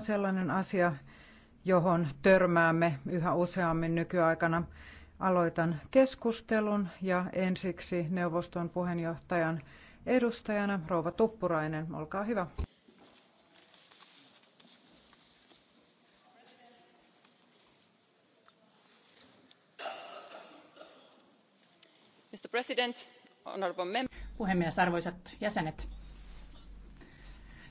sellainen asia, johon törmäämme yhä useammin nykyaikana. Aloitan keskustelun ja ensiksi neuvoston puheenjohtajan edustajana Rouva Tuppurainen, olkaa hyvä. Mr. President, honorable Puhemies, arvoisat jäsenet.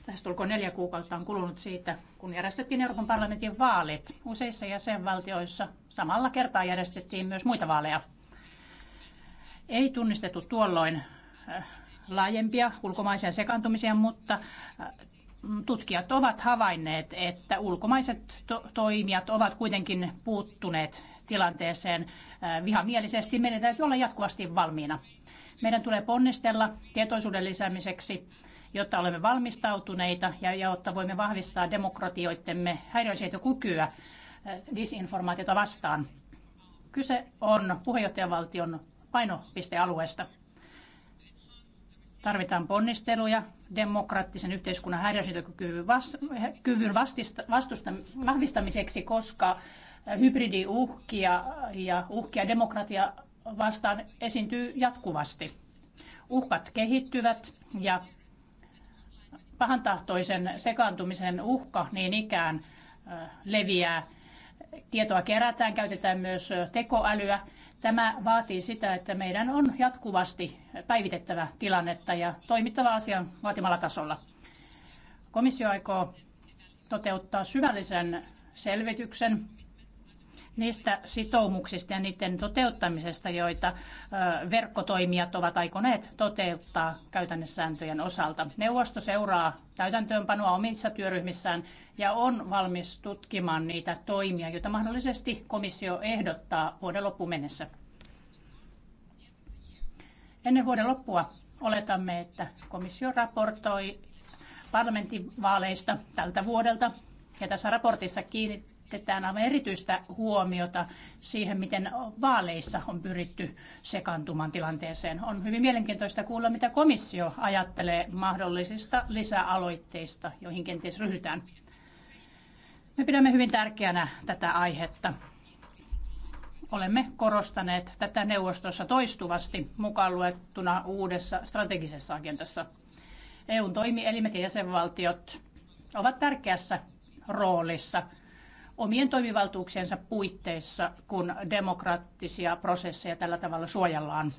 Lähestulkoon neljä kuukautta on kulunut siitä, kun järjestettiin Euroopan parlamentin vaalit. Useissa jäsenvaltioissa samalla kertaa järjestettiin myös muita vaaleja. Ei tunnistettu tuolloin äh, laajempia ulkomaisia sekaantumisia, mutta äh, tutkijat ovat havainneet, että ulkomaiset to- toimijat ovat kuitenkin puuttuneet tilanteeseen äh, vihamielisesti. Meidän täytyy olla jatkuvasti valmiina. Meidän tulee ponnistella tietoisuuden lisäämiseksi jotta olemme valmistautuneita ja jotta voimme vahvistaa demokratioittemme häiriönsietokykyä äh, disinformaatiota vastaan. Kyse on puheenjohtajavaltion painopistealueesta. Tarvitaan ponnisteluja demokraattisen yhteiskunnan häiriönsietokyvyn vahvistamiseksi, koska äh, hybridiuhkia ja uhkia demokratia vastaan esiintyy jatkuvasti. Uhkat kehittyvät ja pahantahtoisen sekaantumisen uhka niin ikään leviää. Tietoa kerätään, käytetään myös tekoälyä. Tämä vaatii sitä, että meidän on jatkuvasti päivitettävä tilannetta ja toimittava asian vaatimalla tasolla. Komissio aikoo toteuttaa syvällisen selvityksen niistä sitoumuksista ja niiden toteuttamisesta, joita verkkotoimijat ovat aikoneet toteuttaa käytännössääntöjen osalta. Neuvosto seuraa täytäntöönpanoa omissa työryhmissään ja on valmis tutkimaan niitä toimia, joita mahdollisesti komissio ehdottaa vuoden loppuun mennessä. Ennen vuoden loppua oletamme, että komissio raportoi parlamentin vaaleista tältä vuodelta. Ja tässä raportissa kiinnitetään aivan erityistä huomiota siihen, miten vaaleissa on pyritty sekantumaan tilanteeseen. On hyvin mielenkiintoista kuulla, mitä komissio ajattelee mahdollisista lisäaloitteista, joihin kenties ryhdytään. Me pidämme hyvin tärkeänä tätä aihetta. Olemme korostaneet tätä neuvostossa toistuvasti mukaan luettuna uudessa strategisessa agendassa. EUn toimielimet ja jäsenvaltiot ovat tärkeässä roolissa – omien toimivaltuuksiensa puitteissa, kun demokraattisia prosesseja tällä tavalla suojellaan.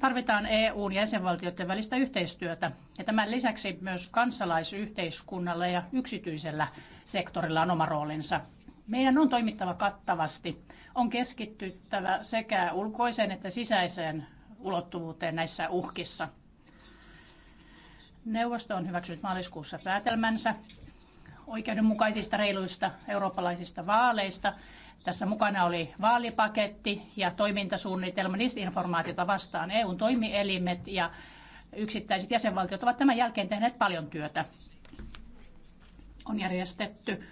Tarvitaan EUn jäsenvaltioiden välistä yhteistyötä ja tämän lisäksi myös kansalaisyhteiskunnalla ja yksityisellä sektorilla on oma roolinsa. Meidän on toimittava kattavasti. On keskityttävä sekä ulkoiseen että sisäiseen ulottuvuuteen näissä uhkissa. Neuvosto on hyväksynyt maaliskuussa päätelmänsä oikeudenmukaisista, reiluista eurooppalaisista vaaleista. Tässä mukana oli vaalipaketti ja toimintasuunnitelma disinformaatiota vastaan. EUn toimielimet ja yksittäiset jäsenvaltiot ovat tämän jälkeen tehneet paljon työtä. On järjestetty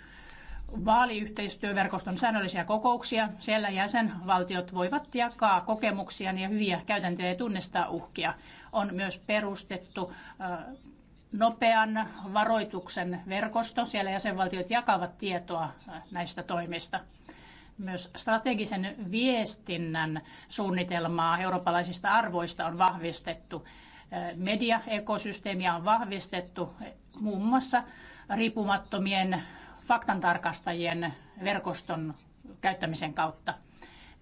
vaaliyhteistyöverkoston säännöllisiä kokouksia. Siellä jäsenvaltiot voivat jakaa kokemuksia ja hyviä käytäntöjä ja tunnistaa uhkia. On myös perustettu äh, nopean varoituksen verkosto. Siellä jäsenvaltiot jakavat tietoa äh, näistä toimista. Myös strategisen viestinnän suunnitelmaa eurooppalaisista arvoista on vahvistettu. Äh, mediaekosysteemiä on vahvistettu äh, muun muassa riippumattomien faktantarkastajien verkoston käyttämisen kautta.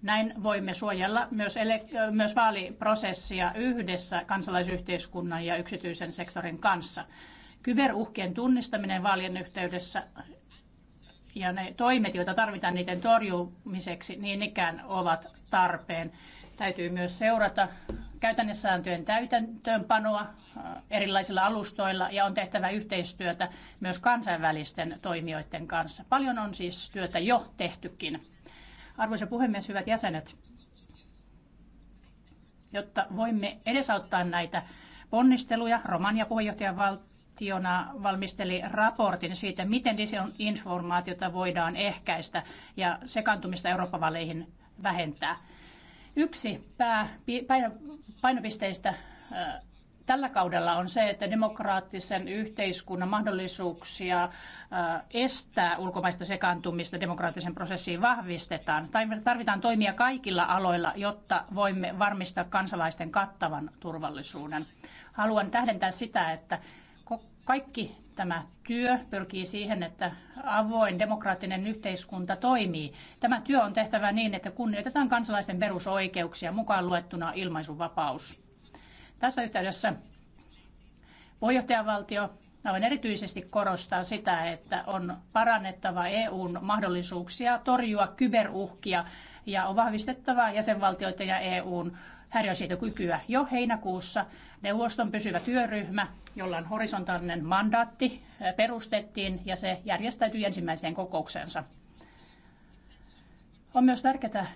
Näin voimme suojella myös, ele- myös vaaliprosessia yhdessä kansalaisyhteiskunnan ja yksityisen sektorin kanssa. Kyberuhkien tunnistaminen vaalien yhteydessä ja ne toimet, joita tarvitaan niiden torjumiseksi, niin ikään ovat tarpeen. Täytyy myös seurata käytännössääntöjen täytäntöönpanoa äh, erilaisilla alustoilla ja on tehtävä yhteistyötä myös kansainvälisten toimijoiden kanssa. Paljon on siis työtä jo tehtykin. Arvoisa puhemies, hyvät jäsenet, jotta voimme edesauttaa näitä ponnisteluja, Romania puheenjohtajan valtiona valmisteli raportin siitä, miten disinformaatiota voidaan ehkäistä ja sekaantumista Euroopan vaaleihin vähentää. Yksi pää, painopisteistä tällä kaudella on se, että demokraattisen yhteiskunnan mahdollisuuksia äh, estää ulkomaista sekaantumista demokraattisen prosessiin vahvistetaan. Tarvitaan toimia kaikilla aloilla, jotta voimme varmistaa kansalaisten kattavan turvallisuuden. Haluan tähdentää sitä, että kaikki tämä työ pyrkii siihen, että avoin demokraattinen yhteiskunta toimii. Tämä työ on tehtävä niin, että kunnioitetaan kansalaisten perusoikeuksia, mukaan luettuna ilmaisuvapaus tässä yhteydessä puheenjohtajavaltio aivan erityisesti korostaa sitä, että on parannettava EUn mahdollisuuksia torjua kyberuhkia ja on vahvistettava jäsenvaltioiden ja EUn häiriönsietokykyä. Jo heinäkuussa neuvoston pysyvä työryhmä, jolla on horisontaalinen mandaatti, perustettiin ja se järjestäytyi ensimmäiseen kokouksensa. On myös tärkeää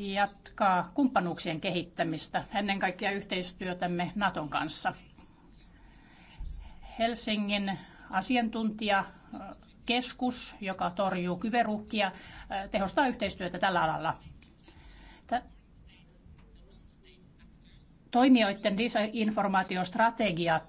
jatkaa kumppanuuksien kehittämistä, ennen kaikkea yhteistyötämme Naton kanssa. Helsingin asiantuntijakeskus, joka torjuu kyberuhkia, tehostaa yhteistyötä tällä alalla. Toimijoiden disinformaatiostrategiat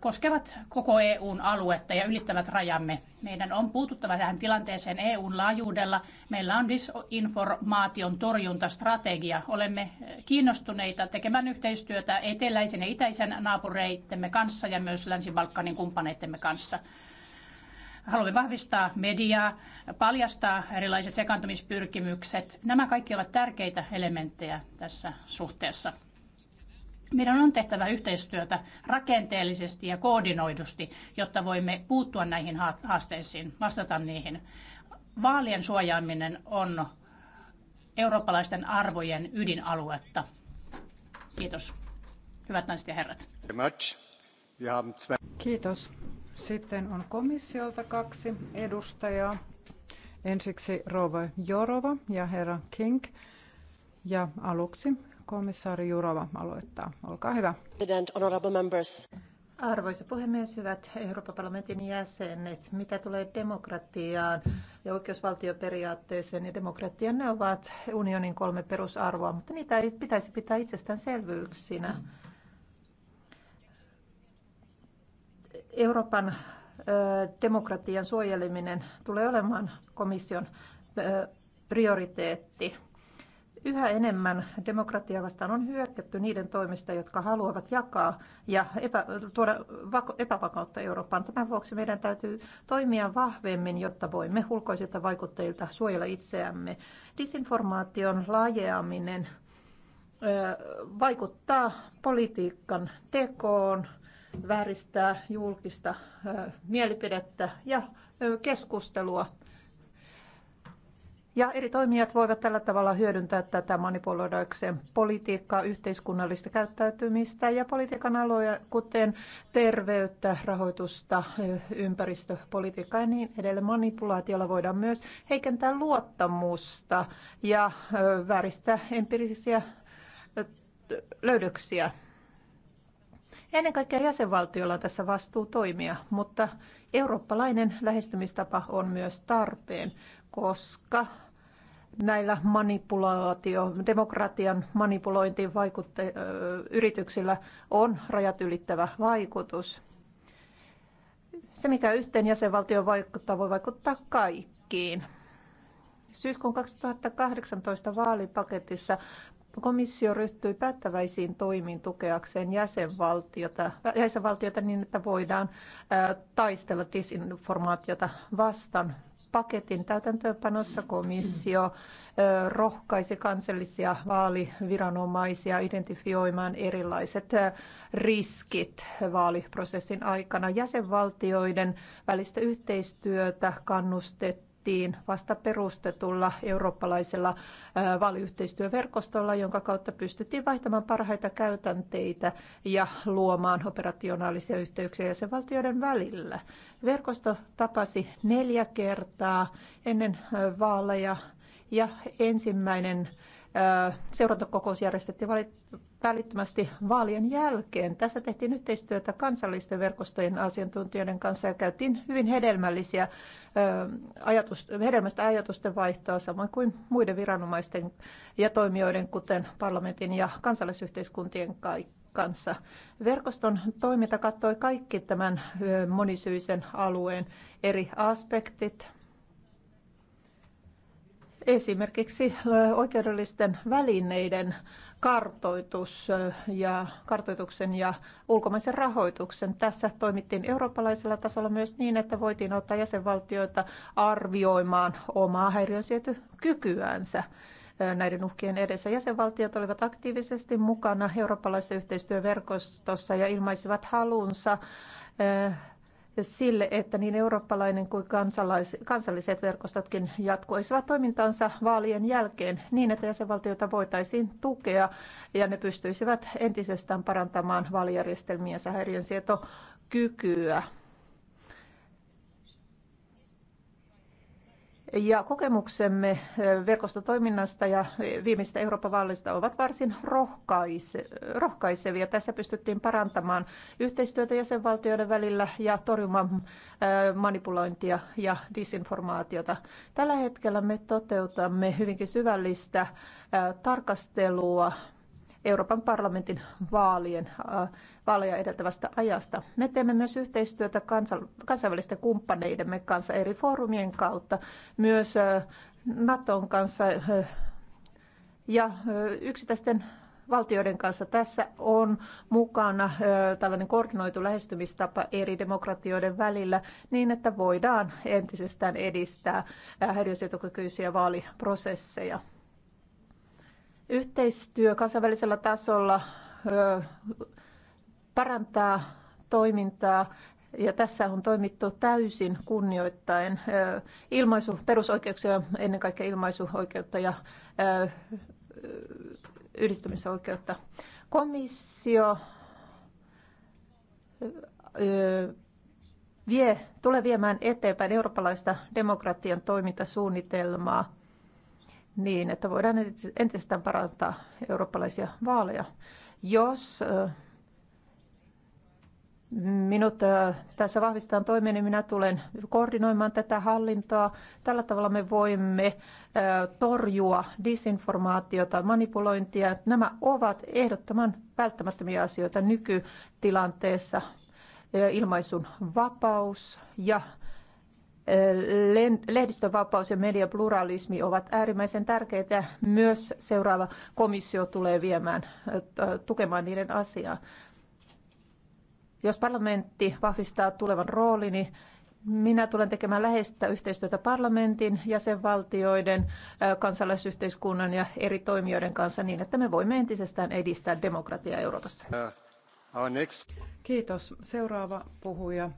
koskevat koko EUn aluetta ja ylittävät rajamme. Meidän on puututtava tähän tilanteeseen EUn laajuudella. Meillä on disinformaation torjuntastrategia. Olemme kiinnostuneita tekemään yhteistyötä eteläisen ja itäisen naapureittemme kanssa ja myös Länsi-Balkanin kumppaneittemme kanssa. Haluamme vahvistaa mediaa, paljastaa erilaiset sekaantumispyrkimykset. Nämä kaikki ovat tärkeitä elementtejä tässä suhteessa. Meidän on tehtävä yhteistyötä rakenteellisesti ja koordinoidusti, jotta voimme puuttua näihin haasteisiin, vastata niihin. Vaalien suojaaminen on eurooppalaisten arvojen ydinaluetta. Kiitos. Hyvät naiset ja herrat. Kiitos. Sitten on komissiolta kaksi edustajaa. Ensiksi rouva Jorova ja herra King. Ja aluksi Komissaari Jurova aloittaa. Olkaa hyvä. Arvoisa puhemies, hyvät Euroopan parlamentin jäsenet, mitä tulee demokratiaan ja oikeusvaltioperiaatteeseen ja niin demokratiaan, ne ovat unionin kolme perusarvoa, mutta niitä ei pitäisi pitää itsestäänselvyyksinä. Euroopan demokratian suojeleminen tulee olemaan komission prioriteetti. Yhä enemmän demokratiaa vastaan on hyökätty niiden toimista, jotka haluavat jakaa ja epä, tuoda epävakautta Eurooppaan. Tämän vuoksi meidän täytyy toimia vahvemmin, jotta voimme ulkoisilta vaikutteilta suojella itseämme. Disinformaation laajeaminen vaikuttaa politiikan tekoon, vääristää julkista mielipidettä ja keskustelua ja eri toimijat voivat tällä tavalla hyödyntää tätä manipuloidakseen politiikkaa, yhteiskunnallista käyttäytymistä ja politiikan aloja, kuten terveyttä, rahoitusta, ympäristöpolitiikkaa ja niin edelleen. Manipulaatiolla voidaan myös heikentää luottamusta ja vääristää empiirisiä löydöksiä. Ennen kaikkea jäsenvaltiolla on tässä vastuu toimia, mutta eurooppalainen lähestymistapa on myös tarpeen, koska näillä manipulaatio, demokratian manipulointiin vaikutte- yrityksillä on rajat ylittävä vaikutus. Se, mikä yhteen jäsenvaltioon vaikuttaa, voi vaikuttaa kaikkiin. Syyskuun 2018 vaalipaketissa komissio ryhtyi päättäväisiin toimiin tukeakseen jäsenvaltiota, jäsenvaltiota niin, että voidaan taistella disinformaatiota vastaan paketin täytäntöönpanossa komissio rohkaisi kansallisia vaaliviranomaisia identifioimaan erilaiset riskit vaaliprosessin aikana. Jäsenvaltioiden välistä yhteistyötä kannustettiin tehtiin vasta perustetulla eurooppalaisella vaaliyhteistyöverkostolla, jonka kautta pystyttiin vaihtamaan parhaita käytänteitä ja luomaan operationaalisia yhteyksiä jäsenvaltioiden välillä. Verkosto tapasi neljä kertaa ennen vaaleja ja ensimmäinen seurantakokous järjestettiin välittömästi vaalien jälkeen. Tässä tehtiin yhteistyötä kansallisten verkostojen asiantuntijoiden kanssa ja käytiin hyvin hedelmällisiä ajatus, hedelmästä ajatusten vaihtoa, samoin kuin muiden viranomaisten ja toimijoiden, kuten parlamentin ja kansallisyhteiskuntien kanssa. Verkoston toiminta kattoi kaikki tämän monisyisen alueen eri aspektit, esimerkiksi oikeudellisten välineiden kartoitus ja, kartoituksen ja ulkomaisen rahoituksen. Tässä toimittiin eurooppalaisella tasolla myös niin, että voitiin ottaa jäsenvaltioita arvioimaan omaa häiriönsietokykyänsä näiden uhkien edessä. Jäsenvaltiot olivat aktiivisesti mukana eurooppalaisessa yhteistyöverkostossa ja ilmaisivat halunsa ja sille, että niin eurooppalainen kuin kansalais, kansalliset verkostotkin jatkoisivat toimintansa vaalien jälkeen niin, että jäsenvaltioita voitaisiin tukea ja ne pystyisivät entisestään parantamaan vaalijärjestelmiensä häiriönsietokykyä. Ja kokemuksemme verkostotoiminnasta ja viimeisistä Euroopan vaaleista ovat varsin rohkaise- rohkaisevia. Tässä pystyttiin parantamaan yhteistyötä jäsenvaltioiden välillä ja torjumaan manipulointia ja disinformaatiota. Tällä hetkellä me toteutamme hyvinkin syvällistä tarkastelua Euroopan parlamentin vaalien, vaaleja edeltävästä ajasta. Me teemme myös yhteistyötä kansainvälisten kumppaneidemme kanssa eri foorumien kautta, myös Naton kanssa ja yksittäisten valtioiden kanssa. Tässä on mukana tällainen koordinoitu lähestymistapa eri demokratioiden välillä niin, että voidaan entisestään edistää häiriösietokykyisiä vaaliprosesseja. Yhteistyö kansainvälisellä tasolla parantaa toimintaa ja tässä on toimittu täysin kunnioittain ilmaisu, perusoikeuksia, ennen kaikkea ilmaisuoikeutta ja yhdistymisoikeutta. Komissio vie, tulee viemään eteenpäin eurooppalaista demokratian toimintasuunnitelmaa niin, että voidaan entisestään parantaa eurooppalaisia vaaleja. Jos minut tässä vahvistetaan toimeen, niin minä tulen koordinoimaan tätä hallintoa. Tällä tavalla me voimme torjua disinformaatiota, manipulointia. Nämä ovat ehdottoman välttämättömiä asioita nykytilanteessa. Ilmaisun vapaus ja lehdistönvapaus ja mediapluralismi ovat äärimmäisen tärkeitä. Myös seuraava komissio tulee viemään, äh, tukemaan niiden asiaa. Jos parlamentti vahvistaa tulevan roolini, minä tulen tekemään läheistä yhteistyötä parlamentin, jäsenvaltioiden, äh, kansalaisyhteiskunnan ja eri toimijoiden kanssa niin, että me voimme entisestään edistää demokratiaa Euroopassa. Äh, Kiitos. Seuraava puhuja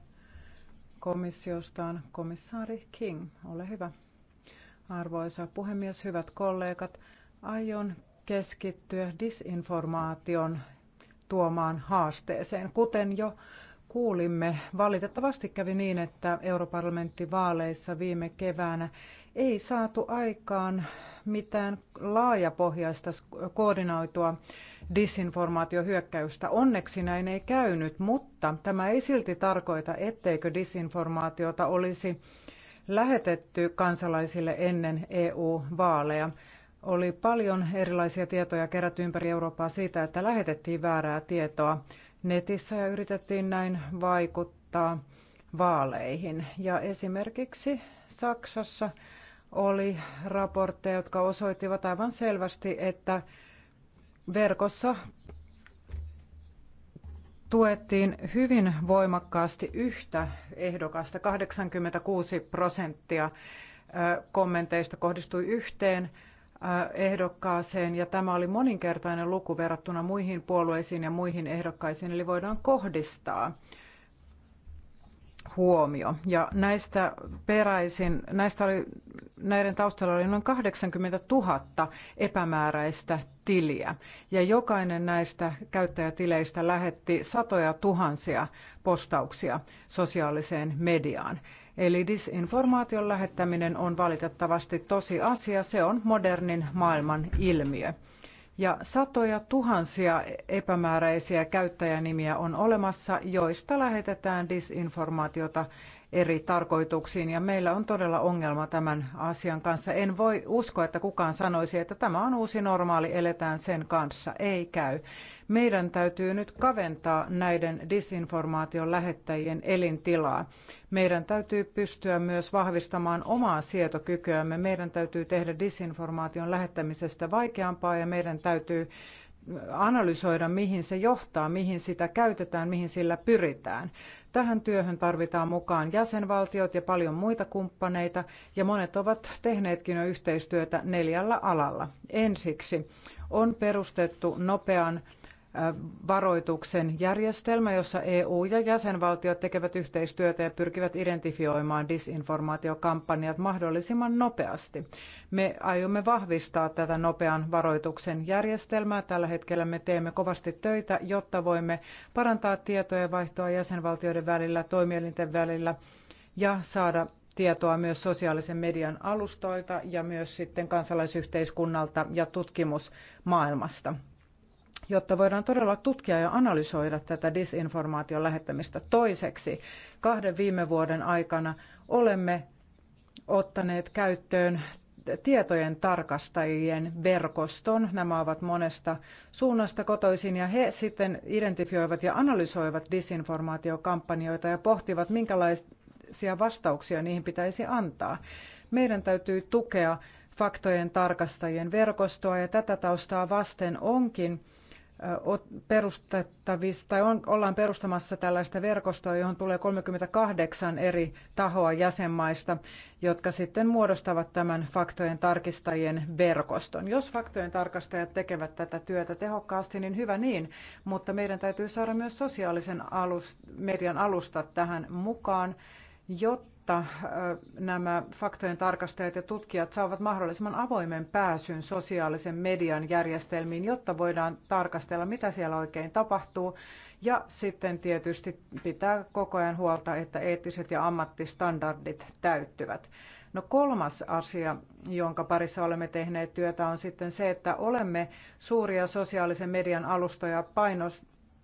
komissiostaan komissaari King. Ole hyvä. Arvoisa puhemies, hyvät kollegat, aion keskittyä disinformaation tuomaan haasteeseen. Kuten jo kuulimme, valitettavasti kävi niin, että europarlamenttivaaleissa viime keväänä ei saatu aikaan mitään laajapohjaista koordinoitua disinformaatiohyökkäystä. Onneksi näin ei käynyt, mutta tämä ei silti tarkoita, etteikö disinformaatiota olisi lähetetty kansalaisille ennen EU-vaaleja. Oli paljon erilaisia tietoja kerätty ympäri Eurooppaa siitä, että lähetettiin väärää tietoa netissä ja yritettiin näin vaikuttaa vaaleihin. Ja esimerkiksi Saksassa oli raportteja, jotka osoittivat aivan selvästi, että verkossa tuettiin hyvin voimakkaasti yhtä ehdokasta. 86 prosenttia kommenteista kohdistui yhteen ehdokkaaseen ja tämä oli moninkertainen luku verrattuna muihin puolueisiin ja muihin ehdokkaisiin, eli voidaan kohdistaa huomio. Ja näistä peräisin, näistä oli, näiden taustalla oli noin 80 000 epämääräistä tiliä. Ja jokainen näistä käyttäjätileistä lähetti satoja tuhansia postauksia sosiaaliseen mediaan. Eli disinformaation lähettäminen on valitettavasti tosi asia, se on modernin maailman ilmiö ja satoja tuhansia epämääräisiä käyttäjänimiä on olemassa, joista lähetetään disinformaatiota eri tarkoituksiin ja meillä on todella ongelma tämän asian kanssa. En voi uskoa, että kukaan sanoisi, että tämä on uusi normaali, eletään sen kanssa. Ei käy. Meidän täytyy nyt kaventaa näiden disinformaation lähettäjien elintilaa. Meidän täytyy pystyä myös vahvistamaan omaa sietokykyämme. Meidän täytyy tehdä disinformaation lähettämisestä vaikeampaa ja meidän täytyy analysoida, mihin se johtaa, mihin sitä käytetään, mihin sillä pyritään. Tähän työhön tarvitaan mukaan jäsenvaltiot ja paljon muita kumppaneita, ja monet ovat tehneetkin jo yhteistyötä neljällä alalla. Ensiksi on perustettu nopean varoituksen järjestelmä, jossa EU ja jäsenvaltiot tekevät yhteistyötä ja pyrkivät identifioimaan disinformaatiokampanjat mahdollisimman nopeasti. Me aiomme vahvistaa tätä nopean varoituksen järjestelmää. Tällä hetkellä me teemme kovasti töitä, jotta voimme parantaa tietojen vaihtoa jäsenvaltioiden välillä, toimielinten välillä ja saada tietoa myös sosiaalisen median alustoilta ja myös sitten kansalaisyhteiskunnalta ja tutkimusmaailmasta jotta voidaan todella tutkia ja analysoida tätä disinformaation lähettämistä. Toiseksi, kahden viime vuoden aikana olemme ottaneet käyttöön tietojen tarkastajien verkoston. Nämä ovat monesta suunnasta kotoisin ja he sitten identifioivat ja analysoivat disinformaatiokampanjoita ja pohtivat, minkälaisia vastauksia niihin pitäisi antaa. Meidän täytyy tukea faktojen tarkastajien verkostoa ja tätä taustaa vasten onkin perustettavissa tai on, ollaan perustamassa tällaista verkostoa, johon tulee 38 eri tahoa jäsenmaista, jotka sitten muodostavat tämän faktojen tarkistajien verkoston. Jos faktojen tarkastajat tekevät tätä työtä tehokkaasti, niin hyvä niin, mutta meidän täytyy saada myös sosiaalisen alust, median alustat tähän mukaan, jotta jotta nämä faktojen tarkastajat ja tutkijat saavat mahdollisimman avoimen pääsyn sosiaalisen median järjestelmiin, jotta voidaan tarkastella, mitä siellä oikein tapahtuu. Ja sitten tietysti pitää koko ajan huolta, että eettiset ja ammattistandardit täyttyvät. No kolmas asia, jonka parissa olemme tehneet työtä, on sitten se, että olemme suuria sosiaalisen median alustoja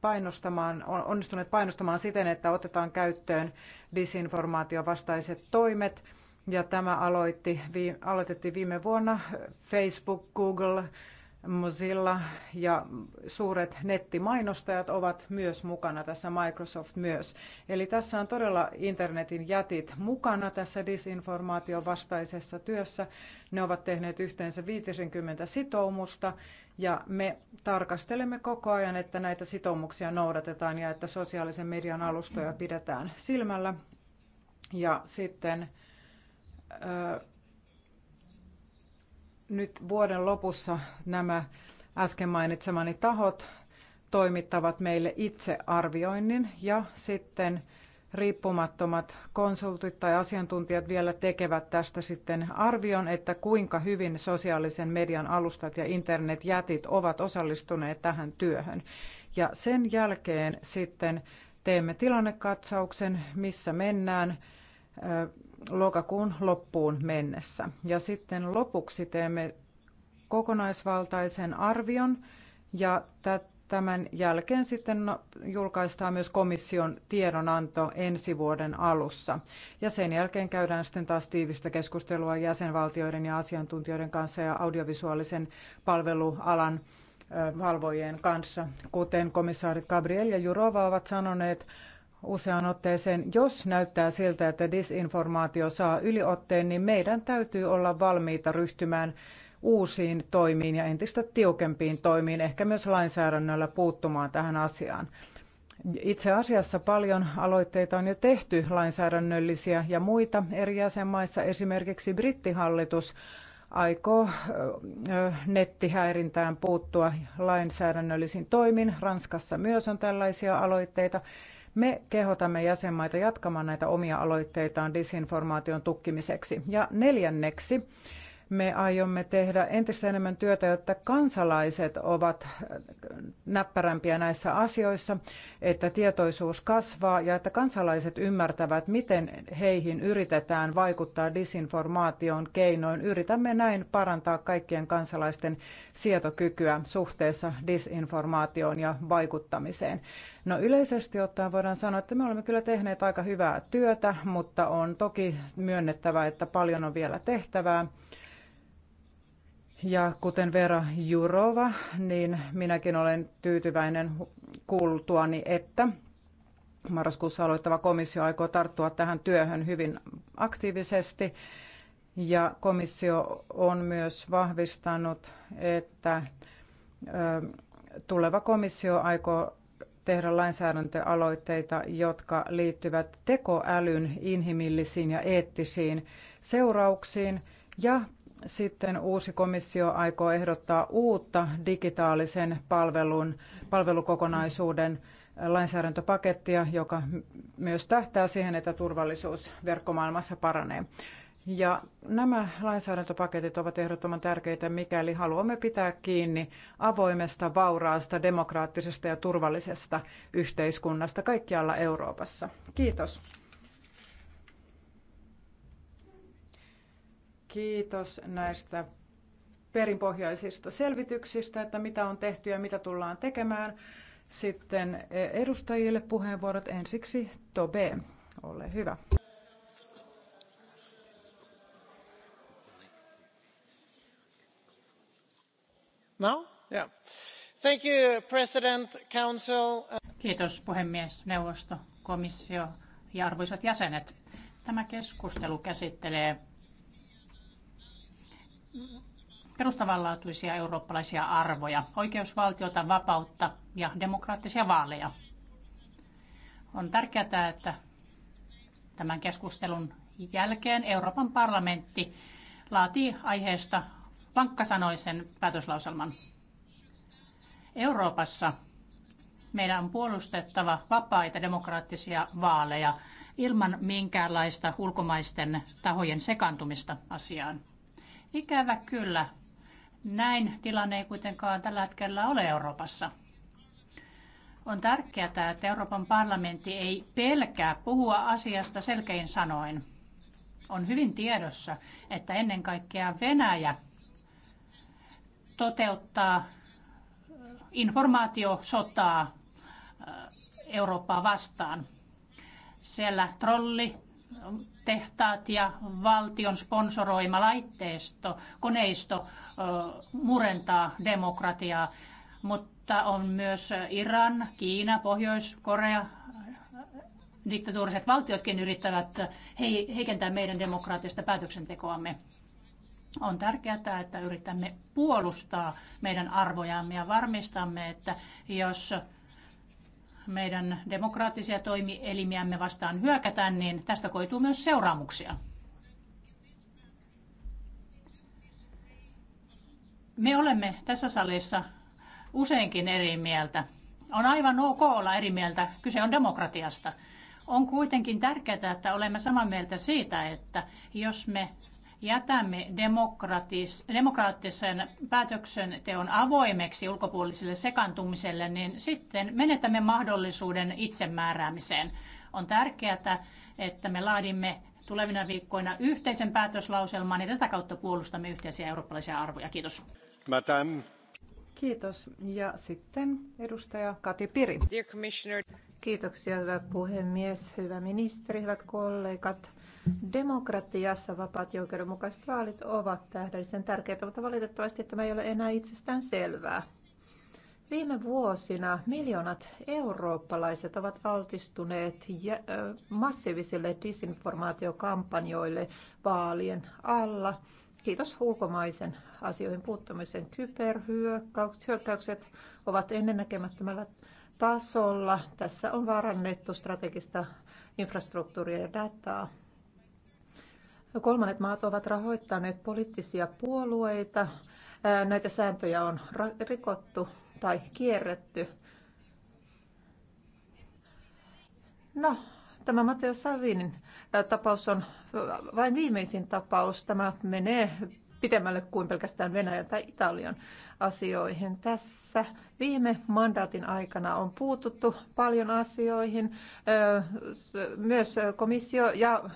painostamaan, onnistuneet painostamaan siten, että otetaan käyttöön disinformaatiovastaiset toimet. Ja tämä aloitti, aloitettiin viime vuonna. Facebook, Google, Mozilla ja suuret nettimainostajat ovat myös mukana tässä, Microsoft myös. Eli tässä on todella internetin jätit mukana tässä disinformaation vastaisessa työssä. Ne ovat tehneet yhteensä 50 sitoumusta ja me tarkastelemme koko ajan, että näitä sitoumuksia noudatetaan ja että sosiaalisen median alustoja pidetään silmällä. Ja sitten... Öö, nyt vuoden lopussa nämä äsken mainitsemani tahot toimittavat meille itse arvioinnin ja sitten riippumattomat konsultit tai asiantuntijat vielä tekevät tästä sitten arvion, että kuinka hyvin sosiaalisen median alustat ja internetjätit ovat osallistuneet tähän työhön. Ja sen jälkeen sitten teemme tilannekatsauksen, missä mennään, lokakuun loppuun mennessä. Ja sitten lopuksi teemme kokonaisvaltaisen arvion ja tämän jälkeen sitten no, julkaistaan myös komission tiedonanto ensi vuoden alussa. Ja sen jälkeen käydään sitten taas tiivistä keskustelua jäsenvaltioiden ja asiantuntijoiden kanssa ja audiovisuaalisen palvelualan valvojien kanssa. Kuten komissaarit Gabriel ja Jurova ovat sanoneet, useaan otteeseen, jos näyttää siltä, että disinformaatio saa yliotteen, niin meidän täytyy olla valmiita ryhtymään uusiin toimiin ja entistä tiukempiin toimiin, ehkä myös lainsäädännöllä puuttumaan tähän asiaan. Itse asiassa paljon aloitteita on jo tehty, lainsäädännöllisiä ja muita eri jäsenmaissa. Esimerkiksi brittihallitus aikoo nettihäirintään puuttua lainsäädännöllisin toimin. Ranskassa myös on tällaisia aloitteita. Me kehotamme jäsenmaita jatkamaan näitä omia aloitteitaan disinformaation tukkimiseksi. Ja neljänneksi, me aiomme tehdä entistä enemmän työtä, jotta kansalaiset ovat näppärämpiä näissä asioissa, että tietoisuus kasvaa ja että kansalaiset ymmärtävät, miten heihin yritetään vaikuttaa disinformaation keinoin. Yritämme näin parantaa kaikkien kansalaisten sietokykyä suhteessa disinformaatioon ja vaikuttamiseen. No yleisesti ottaen voidaan sanoa, että me olemme kyllä tehneet aika hyvää työtä, mutta on toki myönnettävä, että paljon on vielä tehtävää. Ja kuten Vera Jurova, niin minäkin olen tyytyväinen kuultuani, että marraskuussa aloittava komissio aikoo tarttua tähän työhön hyvin aktiivisesti. Ja komissio on myös vahvistanut, että tuleva komissio aikoo tehdä lainsäädäntöaloitteita, jotka liittyvät tekoälyn inhimillisiin ja eettisiin seurauksiin. Ja sitten uusi komissio aikoo ehdottaa uutta digitaalisen palvelun, palvelukokonaisuuden lainsäädäntöpakettia, joka myös tähtää siihen, että turvallisuus verkkomaailmassa paranee. Ja nämä lainsäädäntöpaketit ovat ehdottoman tärkeitä, mikäli haluamme pitää kiinni avoimesta, vauraasta, demokraattisesta ja turvallisesta yhteiskunnasta kaikkialla Euroopassa. Kiitos. Kiitos näistä perinpohjaisista selvityksistä, että mitä on tehty ja mitä tullaan tekemään. Sitten e- edustajille puheenvuorot ensiksi Tobe, ole hyvä. No? Uh Kiitos puhemies, neuvosto, komissio ja arvoisat jäsenet. Tämä keskustelu käsittelee perustavanlaatuisia eurooppalaisia arvoja, oikeusvaltiota, vapautta ja demokraattisia vaaleja. On tärkeää, että tämän keskustelun jälkeen Euroopan parlamentti laatii aiheesta sen päätöslauselman. Euroopassa meidän on puolustettava vapaita demokraattisia vaaleja ilman minkäänlaista ulkomaisten tahojen sekaantumista asiaan. Ikävä kyllä, näin tilanne ei kuitenkaan tällä hetkellä ole Euroopassa. On tärkeää, että Euroopan parlamentti ei pelkää puhua asiasta selkein sanoin. On hyvin tiedossa, että ennen kaikkea Venäjä toteuttaa informaatiosotaa äh, Eurooppaa vastaan. Siellä trolli, tehtaat ja valtion sponsoroima laitteisto, koneisto äh, murentaa demokratiaa, mutta on myös Iran, Kiina, Pohjois-Korea, diktatuuriset valtiotkin yrittävät äh, heikentää meidän demokraattista päätöksentekoamme. On tärkeää, että yritämme puolustaa meidän arvojamme ja varmistamme, että jos meidän demokraattisia toimielimiämme vastaan hyökätään, niin tästä koituu myös seuraamuksia. Me olemme tässä salissa useinkin eri mieltä. On aivan ok olla eri mieltä, kyse on demokratiasta. On kuitenkin tärkeää, että olemme samaa mieltä siitä, että jos me jätämme demokraattisen päätöksenteon avoimeksi ulkopuoliselle sekantumiselle, niin sitten menetämme mahdollisuuden itsemääräämiseen. On tärkeää, että me laadimme tulevina viikkoina yhteisen päätöslauselman ja tätä kautta puolustamme yhteisiä eurooppalaisia arvoja. Kiitos. Kiitos. Ja sitten edustaja Kati Piri. Kiitoksia, hyvä puhemies, hyvä ministeri, hyvät kollegat. Demokratiassa vapaat ja oikeudenmukaiset vaalit ovat tähdellisen tärkeitä, mutta valitettavasti tämä ei ole enää itsestään selvää. Viime vuosina miljoonat eurooppalaiset ovat altistuneet massiivisille disinformaatiokampanjoille vaalien alla. Kiitos ulkomaisen asioihin puuttumisen kyberhyökkäykset ovat ennennäkemättömällä tasolla. Tässä on varannettu strategista infrastruktuuria ja dataa. Kolmannet maat ovat rahoittaneet poliittisia puolueita. Näitä sääntöjä on rikottu tai kierretty. No, tämä Matteo Salvinin tapaus on vain viimeisin tapaus. Tämä menee pitemmälle kuin pelkästään Venäjän tai Italian asioihin. Tässä viime mandaatin aikana on puututtu paljon asioihin. Myös komissio ja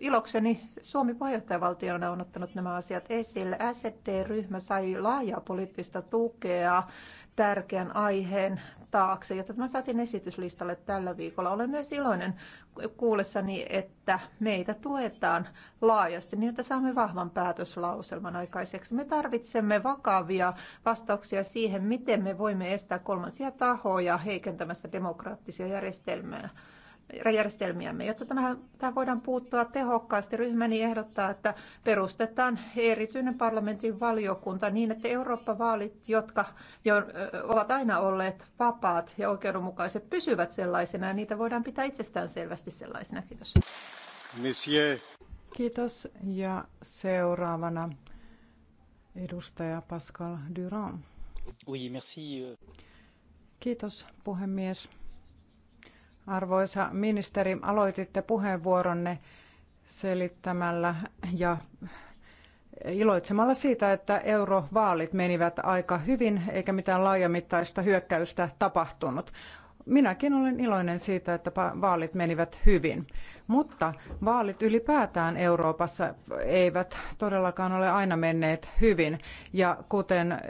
ilokseni Suomi puheenjohtajavaltiona on ottanut nämä asiat esille. SD-ryhmä sai laajaa poliittista tukea tärkeän aiheen taakse, jotta tämä saatiin esityslistalle tällä viikolla. Olen myös iloinen kuullessani, että meitä tuetaan laajasti niin, että saamme vahvan päätöslauselman aikaiseksi. Me tarvitsemme vakavia vastauksia siihen, miten me voimme estää kolmansia tahoja heikentämästä demokraattisia järjestelmää järjestelmiämme. Jotta tämähän, tähän voidaan puuttua tehokkaasti, ryhmäni ehdottaa, että perustetaan erityinen parlamentin valiokunta niin, että Eurooppa-vaalit, jotka jo, ovat aina olleet vapaat ja oikeudenmukaiset, pysyvät sellaisena ja niitä voidaan pitää itsestään selvästi sellaisena. Kiitos. Monsieur. Kiitos. Ja seuraavana edustaja Pascal Durand. Oui, merci. Euh. Kiitos puhemies. Arvoisa ministeri, aloititte puheenvuoronne selittämällä ja iloitsemalla siitä, että eurovaalit menivät aika hyvin eikä mitään laajamittaista hyökkäystä tapahtunut. Minäkin olen iloinen siitä, että vaalit menivät hyvin. Mutta vaalit ylipäätään Euroopassa eivät todellakaan ole aina menneet hyvin. Ja kuten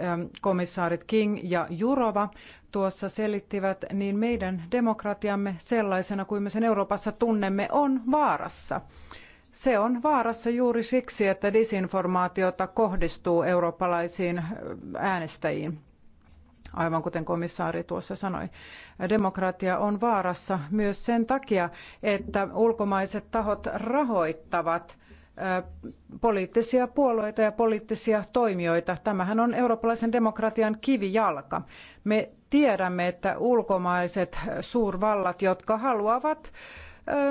komissaarit King ja Jurova tuossa selittivät, niin meidän demokratiamme sellaisena kuin me sen Euroopassa tunnemme on vaarassa. Se on vaarassa juuri siksi, että disinformaatiota kohdistuu eurooppalaisiin äänestäjiin. Aivan kuten komissaari tuossa sanoi, demokratia on vaarassa myös sen takia, että ulkomaiset tahot rahoittavat poliittisia puolueita ja poliittisia toimijoita. Tämähän on eurooppalaisen demokratian kivijalka. Me tiedämme, että ulkomaiset suurvallat, jotka haluavat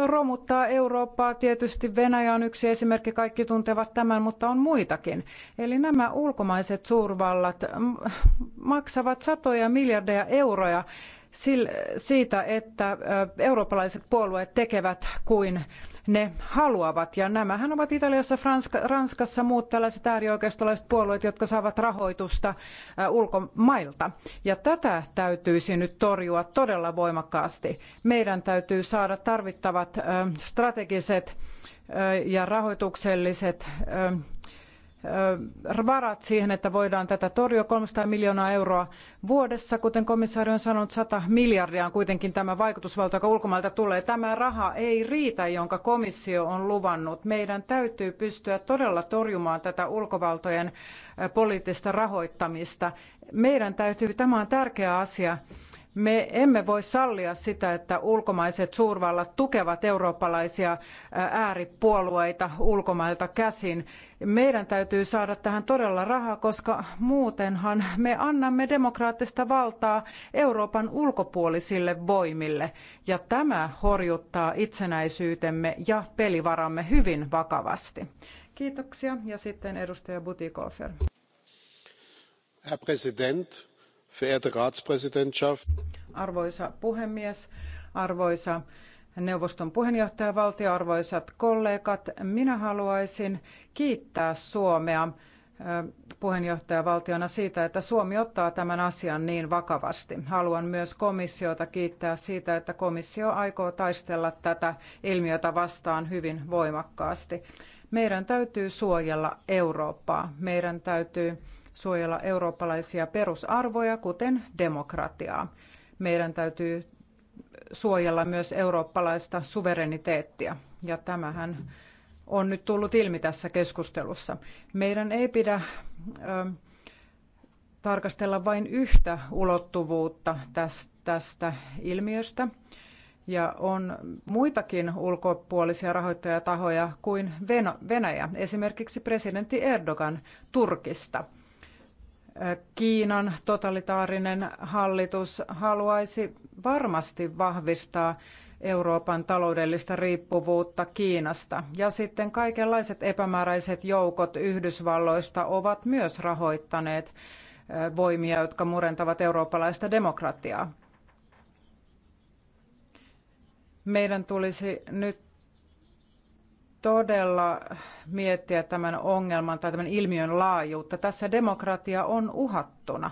romuttaa Eurooppaa. Tietysti Venäjä on yksi esimerkki, kaikki tuntevat tämän, mutta on muitakin. Eli nämä ulkomaiset suurvallat maksavat satoja miljardeja euroja siitä, että eurooppalaiset puolueet tekevät kuin ne haluavat. Ja nämähän ovat Italiassa, Franska, Ranskassa muut tällaiset äärioikeistolaiset puolueet, jotka saavat rahoitusta äh, ulkomailta. Ja tätä täytyisi nyt torjua todella voimakkaasti. Meidän täytyy saada tarvittavat äh, strategiset äh, ja rahoitukselliset varat siihen, että voidaan tätä torjua 300 miljoonaa euroa vuodessa. Kuten komissaari on sanonut, 100 miljardia on kuitenkin tämä vaikutusvalta, joka ulkomailta tulee. Tämä raha ei riitä, jonka komissio on luvannut. Meidän täytyy pystyä todella torjumaan tätä ulkovaltojen poliittista rahoittamista. Meidän täytyy, tämä on tärkeä asia, me emme voi sallia sitä, että ulkomaiset suurvallat tukevat eurooppalaisia ääripuolueita ulkomailta käsin. Meidän täytyy saada tähän todella rahaa, koska muutenhan me annamme demokraattista valtaa Euroopan ulkopuolisille voimille. Ja tämä horjuttaa itsenäisyytemme ja pelivaramme hyvin vakavasti. Kiitoksia. Ja sitten edustaja Butikofer. Herr Präsident! verehrte Ratspräsidentschaft. Arvoisa puhemies, arvoisa neuvoston puheenjohtajavaltio, arvoisat kollegat, minä haluaisin kiittää Suomea äh, puheenjohtajavaltiona siitä, että Suomi ottaa tämän asian niin vakavasti. Haluan myös komissiota kiittää siitä, että komissio aikoo taistella tätä ilmiötä vastaan hyvin voimakkaasti. Meidän täytyy suojella Eurooppaa. Meidän täytyy suojella eurooppalaisia perusarvoja, kuten demokratiaa. Meidän täytyy suojella myös eurooppalaista suvereniteettia, ja tämähän on nyt tullut ilmi tässä keskustelussa. Meidän ei pidä ö, tarkastella vain yhtä ulottuvuutta tästä, ilmiöstä, ja on muitakin ulkopuolisia rahoittajatahoja kuin Venäjä, esimerkiksi presidentti Erdogan Turkista – Kiinan totalitaarinen hallitus haluaisi varmasti vahvistaa Euroopan taloudellista riippuvuutta Kiinasta. Ja sitten kaikenlaiset epämääräiset joukot Yhdysvalloista ovat myös rahoittaneet voimia, jotka murentavat eurooppalaista demokratiaa. Meidän tulisi nyt todella miettiä tämän ongelman tai tämän ilmiön laajuutta. Tässä demokratia on uhattuna.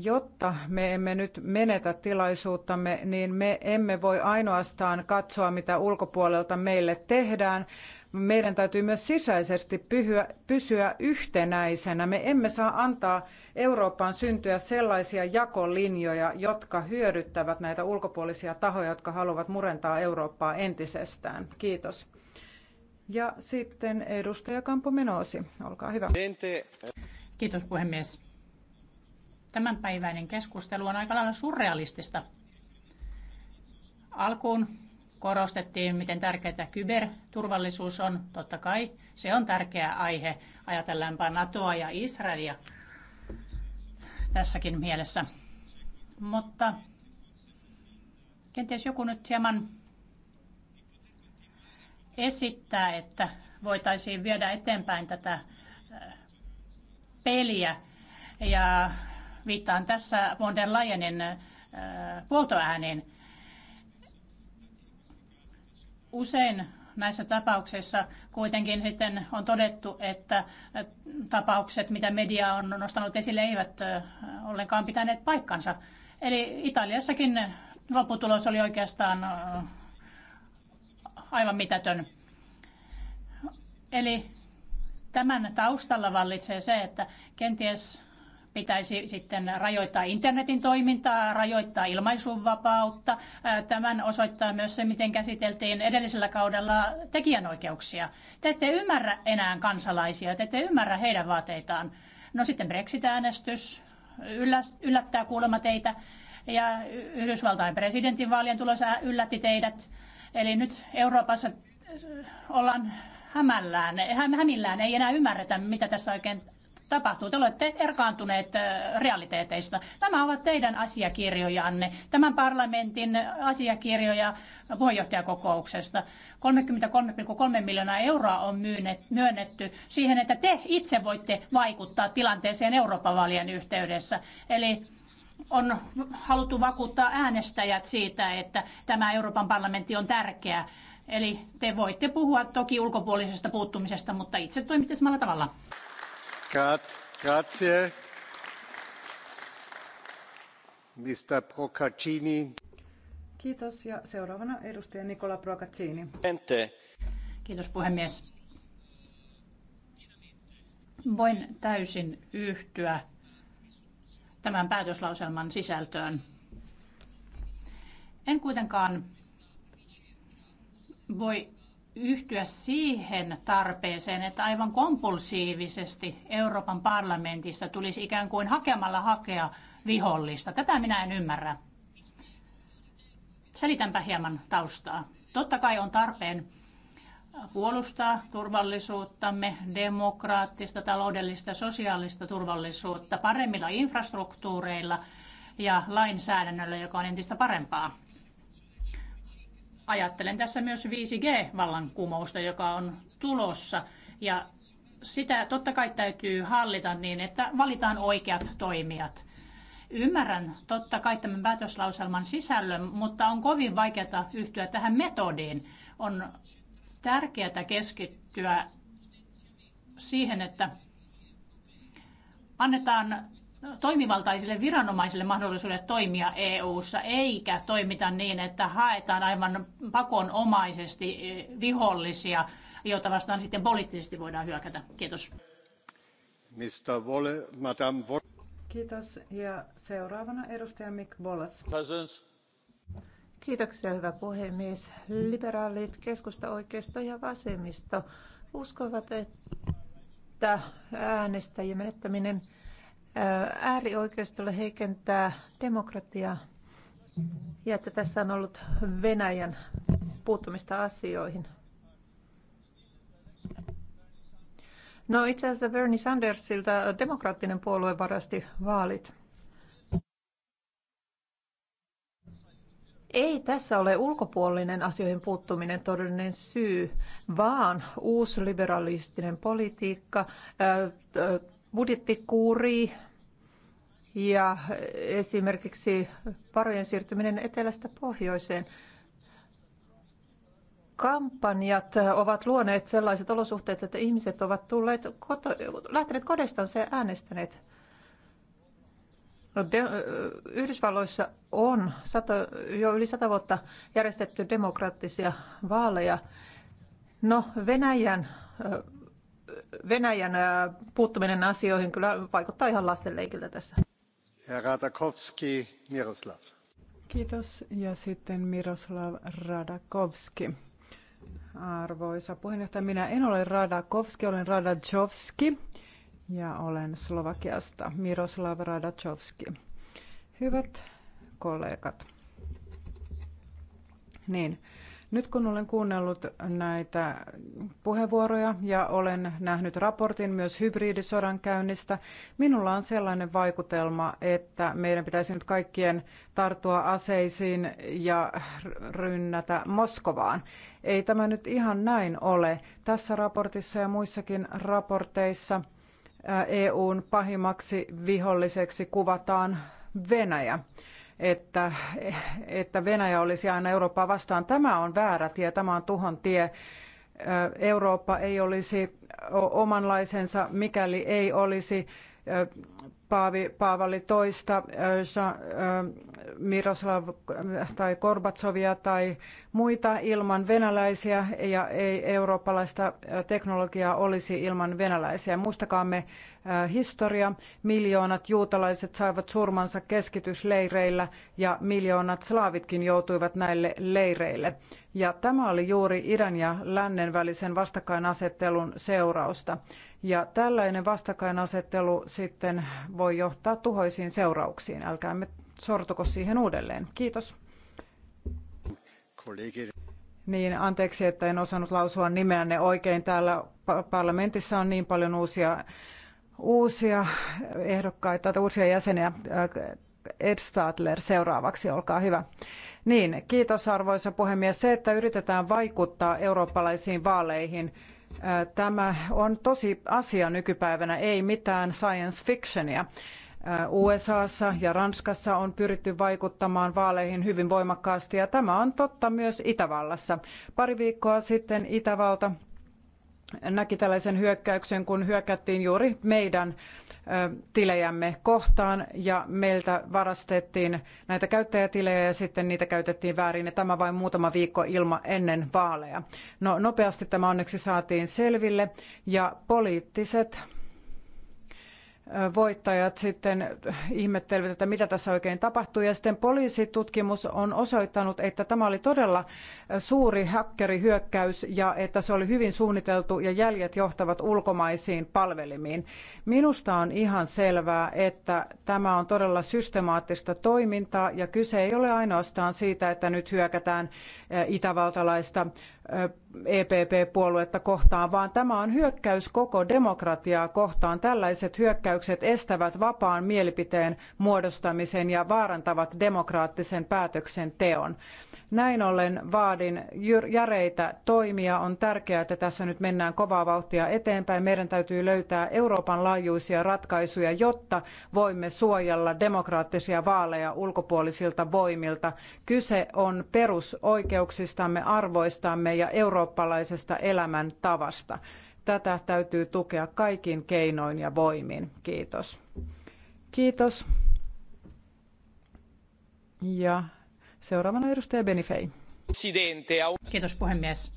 Jotta me emme nyt menetä tilaisuuttamme, niin me emme voi ainoastaan katsoa, mitä ulkopuolelta meille tehdään. Meidän täytyy myös sisäisesti pyhyä, pysyä yhtenäisenä. Me emme saa antaa Eurooppaan syntyä sellaisia jakolinjoja, jotka hyödyttävät näitä ulkopuolisia tahoja, jotka haluavat murentaa Eurooppaa entisestään. Kiitos. Ja sitten edustaja Kampo Menosi, olkaa hyvä. Kiitos puhemies. Tämänpäiväinen keskustelu on aika lailla surrealistista. Alkuun korostettiin, miten tärkeää kyberturvallisuus on. Totta kai se on tärkeä aihe. Ajatellaanpa NATOa ja Israelia tässäkin mielessä. Mutta kenties joku nyt hieman esittää, että voitaisiin viedä eteenpäin tätä äh, peliä. Ja viittaan tässä von der Leyenin puoltoääneen. Äh, Usein näissä tapauksissa kuitenkin sitten on todettu, että äh, tapaukset, mitä media on nostanut esille, eivät ollenkaan pitäneet paikkansa. Eli Italiassakin lopputulos oli oikeastaan aivan mitätön. Eli tämän taustalla vallitsee se, että kenties pitäisi sitten rajoittaa internetin toimintaa, rajoittaa ilmaisuvapautta. Tämän osoittaa myös se, miten käsiteltiin edellisellä kaudella tekijänoikeuksia. Te ette ymmärrä enää kansalaisia, te ette ymmärrä heidän vaateitaan. No sitten Brexit-äänestys yllättää kuulemma teitä ja Yhdysvaltain presidentinvaalien tulos yllätti teidät. Eli nyt Euroopassa äh, ollaan hämällään, hämillään, ei enää ymmärretä, mitä tässä oikein tapahtuu. Te olette erkaantuneet äh, realiteeteista. Nämä ovat teidän asiakirjojanne, tämän parlamentin asiakirjoja puheenjohtajakokouksesta. 33,3 miljoonaa euroa on myönnetty siihen, että te itse voitte vaikuttaa tilanteeseen Euroopan vaalien yhteydessä. Eli on haluttu vakuuttaa äänestäjät siitä, että tämä Euroopan parlamentti on tärkeä. Eli te voitte puhua toki ulkopuolisesta puuttumisesta, mutta itse toimitte samalla tavalla. Grazie. Mr. Procaccini. Kiitos ja seuraavana edustaja Nikola Procaccini. Ente. Kiitos puhemies. Voin täysin yhtyä tämän päätöslauselman sisältöön. En kuitenkaan voi yhtyä siihen tarpeeseen, että aivan kompulsiivisesti Euroopan parlamentissa tulisi ikään kuin hakemalla hakea vihollista. Tätä minä en ymmärrä. Selitänpä hieman taustaa. Totta kai on tarpeen puolustaa turvallisuuttamme, demokraattista, taloudellista ja sosiaalista turvallisuutta paremmilla infrastruktuureilla ja lainsäädännöllä, joka on entistä parempaa. Ajattelen tässä myös 5G-vallankumousta, joka on tulossa ja sitä totta kai täytyy hallita niin, että valitaan oikeat toimijat. Ymmärrän totta kai tämän päätöslauselman sisällön, mutta on kovin vaikeaa yhtyä tähän metodiin. On tärkeää keskittyä siihen, että annetaan toimivaltaisille viranomaisille mahdollisuudet toimia EU:ssa, eikä toimita niin, että haetaan aivan pakonomaisesti e, vihollisia, joita vastaan sitten poliittisesti voidaan hyökätä. Kiitos. Mr. Wolle, Madame Wolle. Kiitos. Ja seuraavana edustaja Mick Wallace. Presence. Kiitoksia, hyvä puhemies. Liberaalit, keskusta, oikeisto ja vasemmisto uskovat, että äänestäjien menettäminen äärioikeistolle heikentää demokratiaa ja että tässä on ollut Venäjän puuttumista asioihin. No itse asiassa Bernie Sandersilta demokraattinen puolue varasti vaalit. Ei tässä ole ulkopuolinen asioihin puuttuminen todellinen syy, vaan uusliberalistinen politiikka, budjettikuuri ja esimerkiksi varojen siirtyminen etelästä pohjoiseen kampanjat ovat luoneet sellaiset olosuhteet, että ihmiset ovat tulleet koto, lähteneet kodestansa ja äänestäneet. Yhdysvalloissa on sata, jo yli sata vuotta järjestetty demokraattisia vaaleja. No Venäjän, Venäjän puuttuminen asioihin kyllä vaikuttaa ihan lastenleikiltä tässä. Herr Radakowski, Miroslav. Kiitos. Ja sitten Miroslav Radakowski. Arvoisa puheenjohtaja, minä en ole Radakovski, olen Radajovski ja olen Slovakiasta Miroslav Radachowski. Hyvät kollegat, niin, nyt kun olen kuunnellut näitä puheenvuoroja ja olen nähnyt raportin myös hybridisodan käynnistä, minulla on sellainen vaikutelma, että meidän pitäisi nyt kaikkien tartua aseisiin ja rynnätä Moskovaan. Ei tämä nyt ihan näin ole. Tässä raportissa ja muissakin raporteissa – EUn pahimmaksi viholliseksi kuvataan Venäjä. Että, että Venäjä olisi aina Eurooppaa vastaan. Tämä on väärä tie, tämä on tuhon tie. Eurooppa ei olisi omanlaisensa, mikäli ei olisi Paavi, Paavali toista, Miroslav tai Korbatsovia tai muita ilman venäläisiä ja ei eurooppalaista teknologiaa olisi ilman venäläisiä. Muistakaamme äh, historia. Miljoonat juutalaiset saivat surmansa keskitysleireillä ja miljoonat slaavitkin joutuivat näille leireille. Ja tämä oli juuri idän ja lännen välisen vastakkainasettelun seurausta. Ja tällainen vastakkainasettelu sitten voi johtaa tuhoisiin seurauksiin. Älkäämme sortuko siihen uudelleen. Kiitos. Niin, anteeksi, että en osannut lausua nimeänne oikein. Täällä parlamentissa on niin paljon uusia, uusia ehdokkaita tai uusia jäseniä. Äh, Ed Stadler seuraavaksi, olkaa hyvä. Niin, kiitos arvoisa puhemies. Se, että yritetään vaikuttaa eurooppalaisiin vaaleihin, äh, tämä on tosi asia nykypäivänä, ei mitään science fictionia. USAssa ja Ranskassa on pyritty vaikuttamaan vaaleihin hyvin voimakkaasti ja tämä on totta myös Itävallassa. Pari viikkoa sitten Itävalta näki tällaisen hyökkäyksen, kun hyökättiin juuri meidän tilejämme kohtaan ja meiltä varastettiin näitä käyttäjätilejä ja sitten niitä käytettiin väärin ja tämä vain muutama viikko ilma ennen vaaleja. No nopeasti tämä onneksi saatiin selville ja poliittiset voittajat sitten ihmettelivät, että mitä tässä oikein tapahtui. Ja sitten poliisitutkimus on osoittanut, että tämä oli todella suuri hakkerihyökkäys ja että se oli hyvin suunniteltu ja jäljet johtavat ulkomaisiin palvelimiin. Minusta on ihan selvää, että tämä on todella systemaattista toimintaa ja kyse ei ole ainoastaan siitä, että nyt hyökätään eh, itävaltalaista EPP-puoluetta kohtaan, vaan tämä on hyökkäys koko demokratiaa kohtaan. Tällaiset hyökkäykset estävät vapaan mielipiteen muodostamisen ja vaarantavat demokraattisen päätöksenteon. Näin ollen vaadin järeitä toimia. On tärkeää, että tässä nyt mennään kovaa vauhtia eteenpäin. Meidän täytyy löytää Euroopan laajuisia ratkaisuja, jotta voimme suojella demokraattisia vaaleja ulkopuolisilta voimilta. Kyse on perusoikeuksistamme, arvoistamme ja eurooppalaisesta elämäntavasta. Tätä täytyy tukea kaikin keinoin ja voimin. Kiitos. Kiitos. Ja Seuraavana edustaja Benifei. Kiitos puhemies.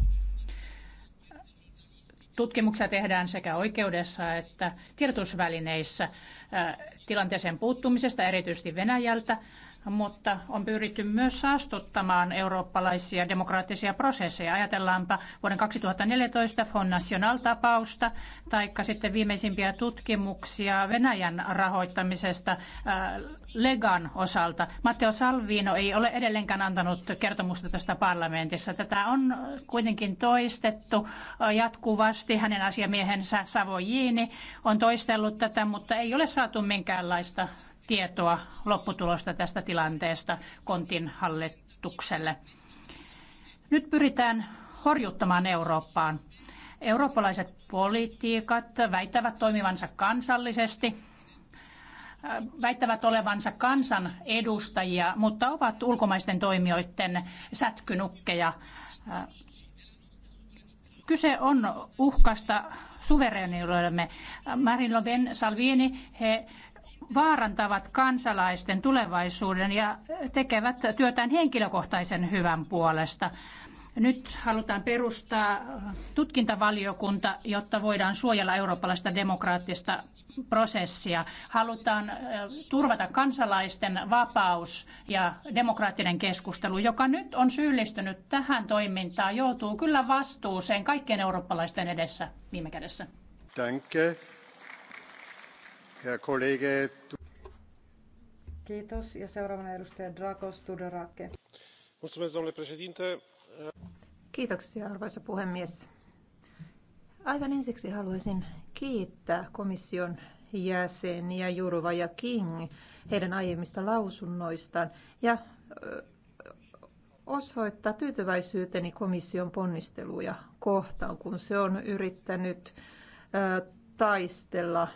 Tutkimuksia tehdään sekä oikeudessa että tiedotusvälineissä äh, tilanteeseen puuttumisesta, erityisesti Venäjältä, mutta on pyritty myös saastuttamaan eurooppalaisia demokraattisia prosesseja. Ajatellaanpa vuoden 2014 Fond National-tapausta, taikka sitten viimeisimpiä tutkimuksia Venäjän rahoittamisesta äh, Legan osalta. Matteo Salvino ei ole edelleenkään antanut kertomusta tästä parlamentissa. Tätä on kuitenkin toistettu äh, jatkuvasti. Hänen asiamiehensä Savojini on toistellut tätä, mutta ei ole saatu minkäänlaista tietoa lopputulosta tästä tilanteesta Kontin hallitukselle. Nyt pyritään horjuttamaan Eurooppaan. Eurooppalaiset politiikat väittävät toimivansa kansallisesti, väittävät olevansa kansan edustajia, mutta ovat ulkomaisten toimijoiden sätkynukkeja. Kyse on uhkasta suvereniudellemme. Marine Le Pen, Salvini, he vaarantavat kansalaisten tulevaisuuden ja tekevät työtään henkilökohtaisen hyvän puolesta. Nyt halutaan perustaa tutkintavaliokunta, jotta voidaan suojella eurooppalaista demokraattista prosessia. Halutaan turvata kansalaisten vapaus ja demokraattinen keskustelu, joka nyt on syyllistynyt tähän toimintaan, joutuu kyllä vastuuseen kaikkien eurooppalaisten edessä viime kädessä. Danke. Kiitos. Ja seuraavana edustaja Dragos Tudorake. Kiitoksia, arvoisa puhemies. Aivan ensiksi haluaisin kiittää komission jäseniä Jurva ja King heidän aiemmista lausunnoistaan ja osoittaa tyytyväisyyteni komission ponnisteluja kohtaan, kun se on yrittänyt taistella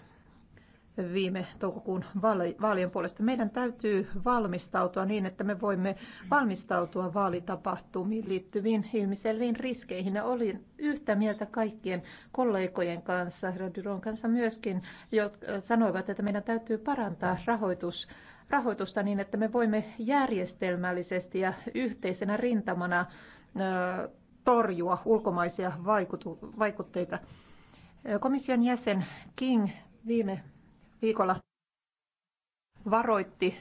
viime toukokuun vaalien puolesta. Meidän täytyy valmistautua niin, että me voimme valmistautua vaalitapahtumiin liittyviin ilmiselviin riskeihin. Ja olin yhtä mieltä kaikkien kollegojen kanssa, Radiron kanssa myöskin, jotka sanoivat, että meidän täytyy parantaa rahoitus rahoitusta niin, että me voimme järjestelmällisesti ja yhteisenä rintamana torjua ulkomaisia vaikutteita. Komission jäsen King viime viikolla varoitti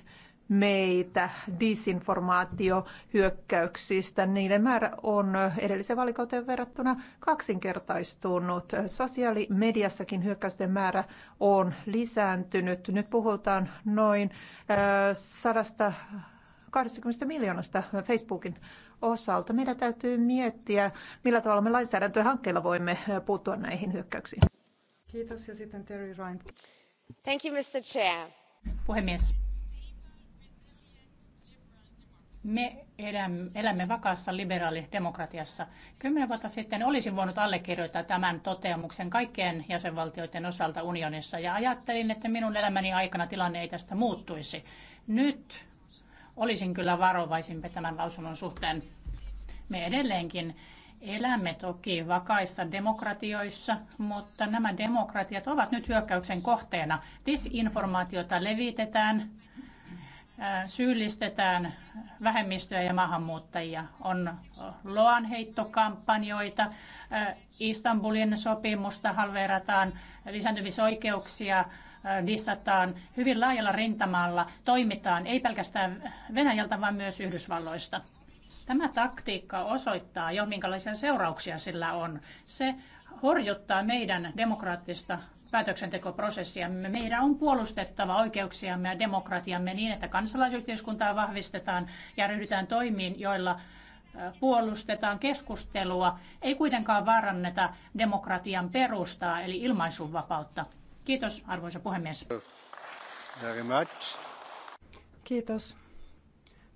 meitä disinformaatiohyökkäyksistä. Niiden määrä on edellisen valikauteen verrattuna kaksinkertaistunut. Sosiaalimediassakin hyökkäysten määrä on lisääntynyt. Nyt puhutaan noin 120 äh, miljoonasta Facebookin osalta. Meidän täytyy miettiä, millä tavalla me lainsäädäntöhankkeilla voimme puuttua näihin hyökkäyksiin. Kiitos ja sitten Terry Ryan arvoisa Puhemies. Me elämme, elämme vakaassa liberaalidemokratiassa. Kymmenen vuotta sitten olisin voinut allekirjoittaa tämän toteamuksen kaikkien jäsenvaltioiden osalta unionissa ja ajattelin, että minun elämäni aikana tilanne ei tästä muuttuisi. Nyt olisin kyllä varovaisempi tämän lausunnon suhteen. Me edelleenkin Elämme toki vakaissa demokratioissa, mutta nämä demokratiat ovat nyt hyökkäyksen kohteena. Disinformaatiota levitetään, syyllistetään vähemmistöjä ja maahanmuuttajia. On loanheittokampanjoita, Istanbulin sopimusta halverataan, lisääntymisoikeuksia dissataan hyvin laajalla rintamalla, toimitaan ei pelkästään Venäjältä, vaan myös Yhdysvalloista. Tämä taktiikka osoittaa jo, minkälaisia seurauksia sillä on. Se horjuttaa meidän demokraattista päätöksentekoprosessiamme. Meidän on puolustettava oikeuksiamme ja demokratiamme niin, että kansalaisyhteiskuntaa vahvistetaan ja ryhdytään toimiin, joilla puolustetaan keskustelua, ei kuitenkaan vaaranneta demokratian perustaa eli ilmaisunvapautta. Kiitos arvoisa puhemies. Kiitos.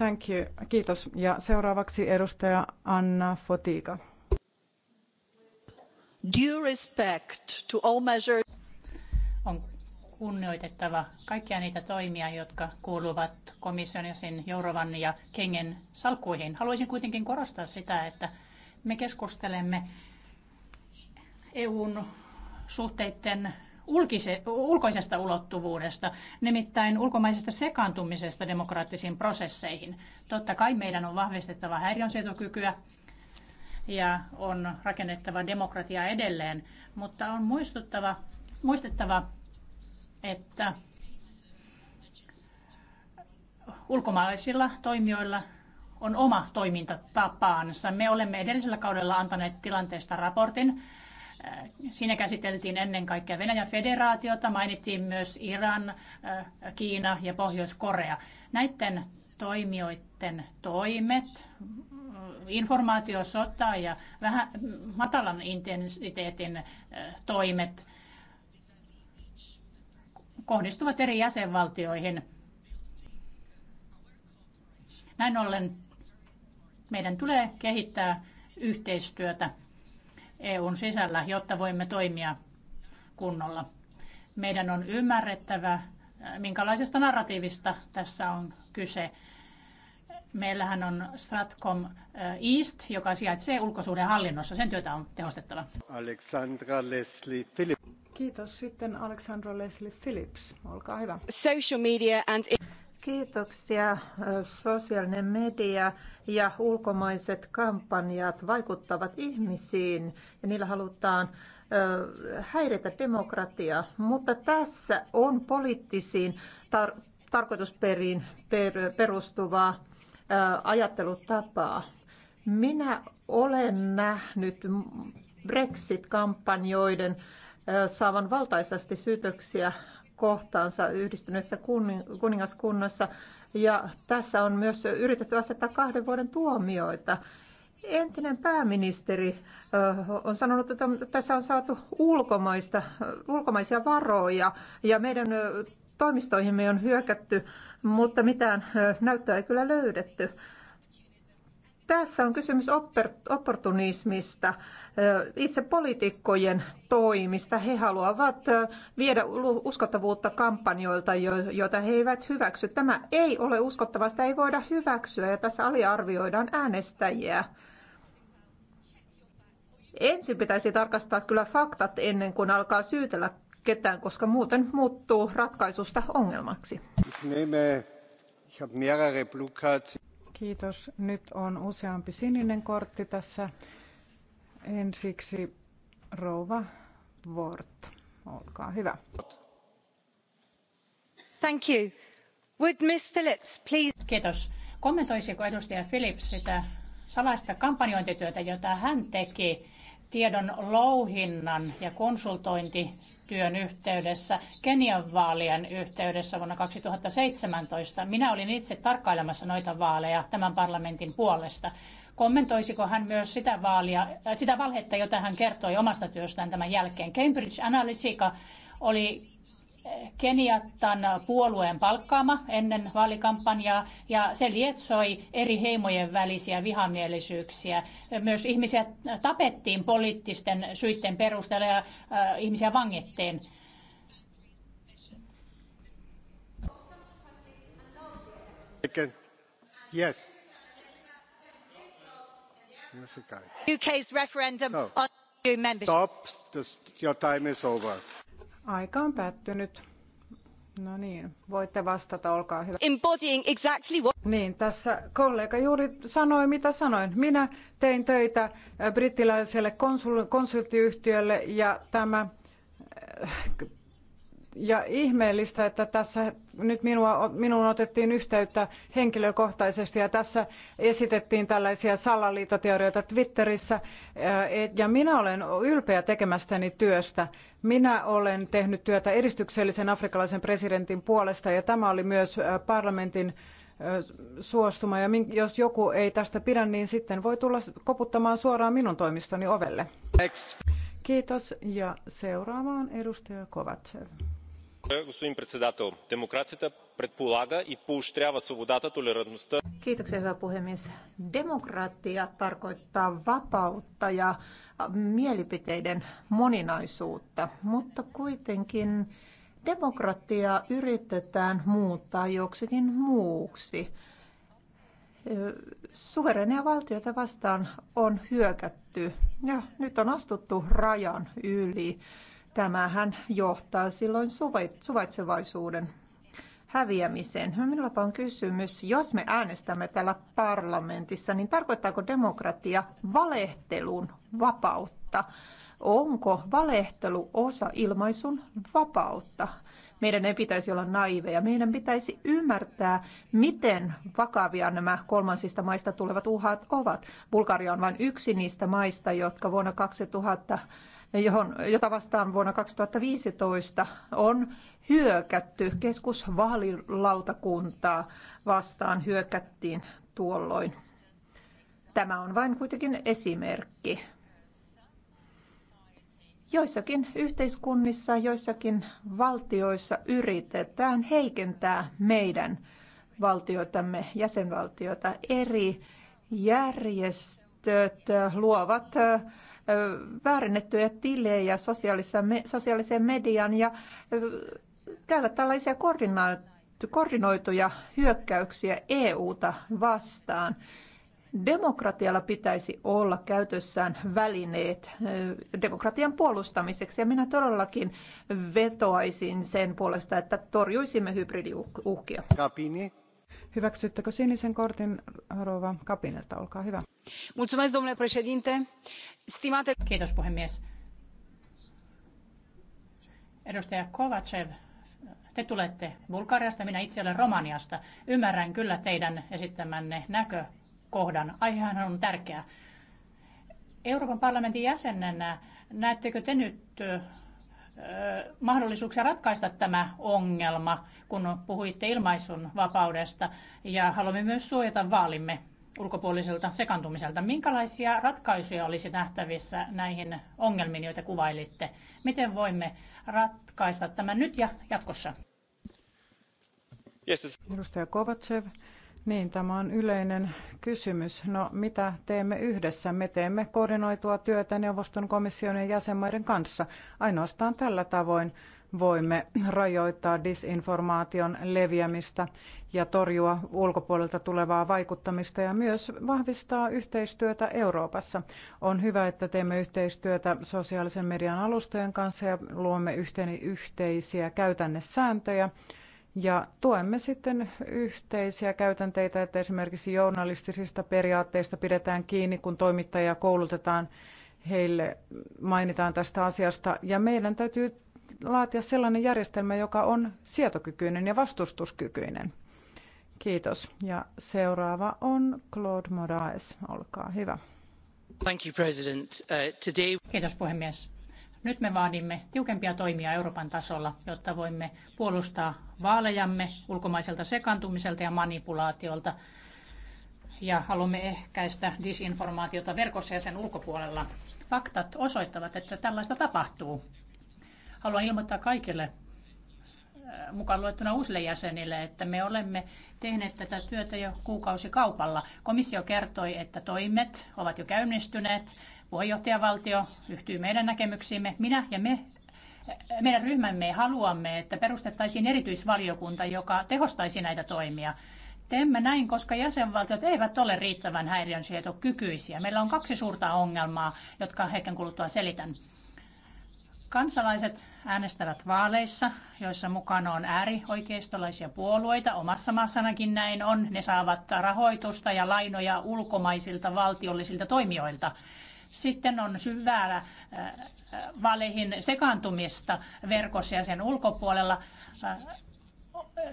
Thank you. Kiitos. Ja seuraavaksi edustaja Anna Fotiga. Due respect to all measures. On kunnioitettava kaikkia niitä toimia, jotka kuuluvat komission ja sen Jourovan ja Kengen salkkuihin. Haluaisin kuitenkin korostaa sitä, että me keskustelemme EUn suhteiden ulkise, ulkoisesta ulottuvuudesta, nimittäin ulkomaisesta sekaantumisesta demokraattisiin prosesseihin. Totta kai meidän on vahvistettava häiriönsietokykyä ja on rakennettava demokratiaa edelleen, mutta on muistuttava, muistettava, että ulkomaalaisilla toimijoilla on oma toimintatapaansa. Me olemme edellisellä kaudella antaneet tilanteesta raportin Äh, siinä käsiteltiin ennen kaikkea Venäjän federaatiota, mainittiin myös Iran, äh, Kiina ja Pohjois-Korea. Näiden toimijoiden toimet, äh, informaatiosota ja vähän matalan intensiteetin toimet kohdistuvat eri jäsenvaltioihin. Näin ollen meidän tulee kehittää yhteistyötä EUn sisällä, jotta voimme toimia kunnolla. Meidän on ymmärrettävä, minkälaisesta narratiivista tässä on kyse. Meillähän on Stratcom eh, East, joka sijaitsee hallinnossa. Sen työtä on tehostettava. Alexandra Leslie Phillips. Kiitos. Sitten Alexandra Leslie Phillips. Olkaa hyvä. Social media and... Kiitoksia. Äh, sosiaalinen media ja ulkomaiset kampanjat vaikuttavat ihmisiin ja niillä halutaan äh, häiritä demokratiaa, mutta tässä on poliittisiin tar- tarkoitusperiin per- perustuvaa äh, ajattelutapaa. Minä olen nähnyt Brexit-kampanjoiden saavan valtaisasti syytöksiä kohtaansa yhdistyneessä kuningaskunnassa. Ja tässä on myös yritetty asettaa kahden vuoden tuomioita. Entinen pääministeri on sanonut, että tässä on saatu ulkomaista, ulkomaisia varoja ja meidän toimistoihimme on hyökätty, mutta mitään näyttöä ei kyllä löydetty. Tässä on kysymys opportunismista, itse poliitikkojen toimista. He haluavat viedä uskottavuutta kampanjoilta, joita he eivät hyväksy. Tämä ei ole uskottavaa, sitä ei voida hyväksyä ja tässä aliarvioidaan äänestäjiä. Ensin pitäisi tarkastaa kyllä faktat ennen kuin alkaa syytellä ketään, koska muuten muuttuu ratkaisusta ongelmaksi. Kiitos. Nyt on useampi sininen kortti tässä. Ensiksi Rova Wort. Olkaa hyvä. Thank you. Would Miss Phillips please... Kiitos. Kommentoisiko edustaja Phillips sitä salaista kampanjointityötä, jota hän teki tiedon louhinnan ja konsultointi työn yhteydessä, Kenian vaalien yhteydessä vuonna 2017. Minä olin itse tarkkailemassa noita vaaleja tämän parlamentin puolesta. Kommentoisiko hän myös sitä, vaalia, äh, sitä valhetta, jota hän kertoi omasta työstään tämän jälkeen? Cambridge Analytica oli Keniattan puolueen palkkaama ennen vaalikampanjaa ja se lietsoi eri heimojen välisiä vihamielisyyksiä. Myös ihmisiä tapettiin poliittisten syiden perusteella ja äh, ihmisiä vangittiin. Yes. UK's referendum on membership. Stop. Your time is over. Aika on päättynyt. No niin, voitte vastata, olkaa hyvä. Embodying exactly what... Niin, tässä kollega juuri sanoi, mitä sanoin. Minä tein töitä äh, brittiläiselle konsul- konsulttiyhtiölle ja tämä... Äh, ja ihmeellistä, että tässä nyt minua, minuun otettiin yhteyttä henkilökohtaisesti ja tässä esitettiin tällaisia salaliitoteorioita Twitterissä äh, ja minä olen ylpeä tekemästäni työstä minä olen tehnyt työtä edistyksellisen afrikkalaisen presidentin puolesta ja tämä oli myös parlamentin suostuma. Ja jos joku ei tästä pidä, niin sitten voi tulla koputtamaan suoraan minun toimistoni ovelle. Kiitos ja seuraavaan edustaja Kovatsev господин председател Демокрацията предполага и поощрява свободата, толерантността. Kiitoksia hyvä puhemies. Demokratia tarkoittaa vapautta ja mielipiteiden moninaisuutta, mutta kuitenkin demokratia yritetään muuttaa joksikin muuksi. Suverenia valtioita vastaan on hyökätty ja nyt on astuttu rajan yli. Tämähän johtaa silloin suvaitsevaisuuden häviämiseen. No, Minulla on kysymys, jos me äänestämme täällä parlamentissa, niin tarkoittaako demokratia valehtelun vapautta? Onko valehtelu osa ilmaisun vapautta? Meidän ei pitäisi olla naiveja. Meidän pitäisi ymmärtää, miten vakavia nämä kolmansista maista tulevat uhat ovat. Bulgaria on vain yksi niistä maista, jotka vuonna 2000 johon, jota vastaan vuonna 2015 on hyökätty. Keskusvaalilautakuntaa vastaan hyökättiin tuolloin. Tämä on vain kuitenkin esimerkki. Joissakin yhteiskunnissa, joissakin valtioissa yritetään heikentää meidän valtioitamme, jäsenvaltioita. Eri järjestöt luovat väärennettyjä tilejä sosiaaliseen median ja käyvät tällaisia koordinoituja hyökkäyksiä EUta vastaan. Demokratialla pitäisi olla käytössään välineet demokratian puolustamiseksi ja minä todellakin vetoaisin sen puolesta, että torjuisimme hybridiuhkia. Kapini. Hyväksyttekö sinisen kortin rouva Kapinelta? Olkaa hyvä. Mulțumesc, domnule președinte. Stimate... Kiitos, puhemies. Edustaja Kovacev, te tulette Bulgariasta, minä itse olen Romaniasta. Ymmärrän kyllä teidän esittämänne näkökohdan. Aihehan on tärkeä. Euroopan parlamentin jäsenenä näettekö te nyt mahdollisuuksia ratkaista tämä ongelma, kun puhuitte ilmaisun vapaudesta ja haluamme myös suojata vaalimme ulkopuoliselta sekantumiselta. Minkälaisia ratkaisuja olisi nähtävissä näihin ongelmiin, joita kuvailitte? Miten voimme ratkaista tämän nyt ja jatkossa? Edustaja Kovacev. Niin, tämä on yleinen kysymys. No, mitä teemme yhdessä? Me teemme koordinoitua työtä neuvoston komission ja jäsenmaiden kanssa. Ainoastaan tällä tavoin voimme rajoittaa disinformaation leviämistä ja torjua ulkopuolelta tulevaa vaikuttamista ja myös vahvistaa yhteistyötä Euroopassa. On hyvä, että teemme yhteistyötä sosiaalisen median alustojen kanssa ja luomme yhteisiä käytännesääntöjä ja tuemme sitten yhteisiä käytänteitä, että esimerkiksi journalistisista periaatteista pidetään kiinni, kun toimittajia koulutetaan, heille mainitaan tästä asiasta. Ja meidän täytyy laatia sellainen järjestelmä, joka on sietokykyinen ja vastustuskykyinen. Kiitos. Ja seuraava on Claude Moraes. Olkaa hyvä. Thank you, President. Uh, today... Kiitos puhemies. Nyt me vaadimme tiukempia toimia Euroopan tasolla, jotta voimme puolustaa vaalejamme ulkomaiselta sekaantumiselta ja manipulaatiolta. Ja haluamme ehkäistä disinformaatiota verkossa ja sen ulkopuolella. Faktat osoittavat, että tällaista tapahtuu. Haluan ilmoittaa kaikille äh, mukaan luettuna uusille jäsenille, että me olemme tehneet tätä työtä jo kuukausikaupalla. Komissio kertoi, että toimet ovat jo käynnistyneet puheenjohtajavaltio yhtyy meidän näkemyksiimme. Minä ja me, meidän ryhmämme haluamme, että perustettaisiin erityisvaliokunta, joka tehostaisi näitä toimia. Teemme näin, koska jäsenvaltiot eivät ole riittävän häiriönsietokykyisiä. Meillä on kaksi suurta ongelmaa, jotka hetken kuluttua selitän. Kansalaiset äänestävät vaaleissa, joissa mukana on äärioikeistolaisia puolueita. Omassa maassanakin näin on. Ne saavat rahoitusta ja lainoja ulkomaisilta valtiollisilta toimijoilta. Sitten on syvää äh, äh, valeihin sekaantumista verkossa ja sen ulkopuolella äh,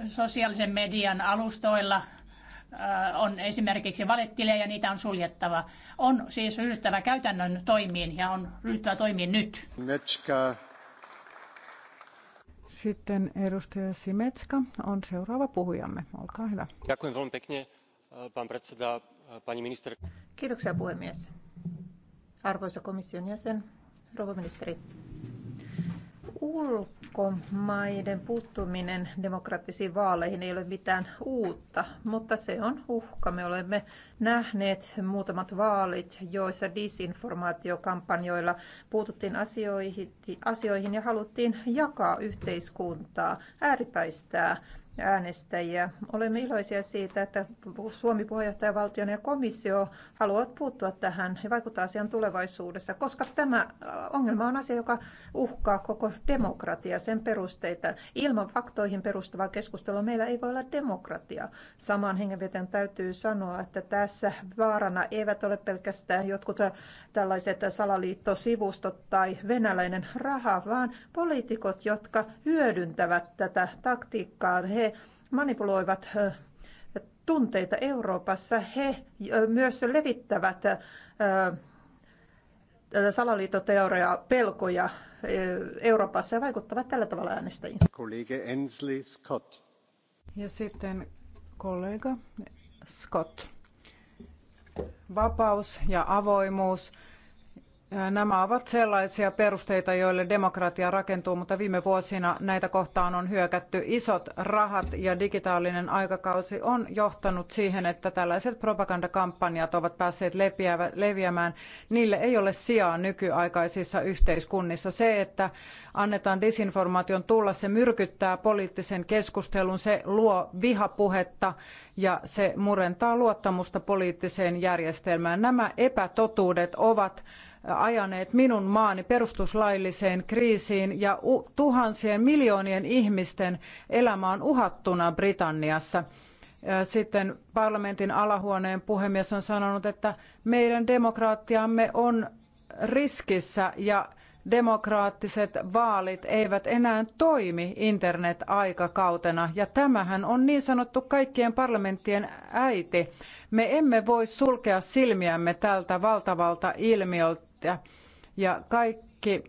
sosiaalisen median alustoilla on esimerkiksi valettilejä ja niitä on suljettava. On siis ryhdyttävä käytännön toimiin ja on ryhdyttävä toimiin nyt. Metska. Sitten edustaja Simetska on seuraava puhujamme. Olkaa hyvä. Kiitoksia puhemies. Arvoisa komission jäsen, rouva ministeri, ulkomaiden puuttuminen demokraattisiin vaaleihin ei ole mitään uutta, mutta se on uhka. Me olemme nähneet muutamat vaalit, joissa disinformaatiokampanjoilla puututtiin asioihin, asioihin ja haluttiin jakaa yhteiskuntaa, ääripäistää äänestäjiä. Olemme iloisia siitä, että Suomi puheenjohtajavaltion ja komissio haluavat puuttua tähän ja vaikuttaa asian tulevaisuudessa, koska tämä äh, ongelma on asia, joka uhkaa koko demokratia sen perusteita. Ilman faktoihin perustuvaa keskustelua meillä ei voi olla demokratia. Samaan hengenveten täytyy sanoa, että tässä vaarana eivät ole pelkästään jotkut äh, tällaiset salaliittosivustot tai venäläinen raha, vaan poliitikot, jotka hyödyntävät tätä taktiikkaa. He manipuloivat tunteita Euroopassa. He myös levittävät salaliittoteoriaa, pelkoja Euroopassa ja vaikuttavat tällä tavalla äänestäjiin. Kollege Ensley Scott. Ja sitten kollega Scott. Vapaus ja avoimuus Nämä ovat sellaisia perusteita, joille demokratia rakentuu, mutta viime vuosina näitä kohtaan on hyökätty. Isot rahat ja digitaalinen aikakausi on johtanut siihen, että tällaiset propagandakampanjat ovat päässeet leviämään. Niille ei ole sijaa nykyaikaisissa yhteiskunnissa. Se, että annetaan disinformaation tulla, se myrkyttää poliittisen keskustelun, se luo vihapuhetta ja se murentaa luottamusta poliittiseen järjestelmään. Nämä epätotuudet ovat ajaneet minun maani perustuslailliseen kriisiin ja tuhansien miljoonien ihmisten elämä on uhattuna Britanniassa. Sitten parlamentin alahuoneen puhemies on sanonut, että meidän demokraattiamme on riskissä ja demokraattiset vaalit eivät enää toimi internet-aikakautena, ja tämähän on niin sanottu kaikkien parlamenttien äiti. Me emme voi sulkea silmiämme tältä valtavalta ilmiöltä prosenttia. Ja kaikki,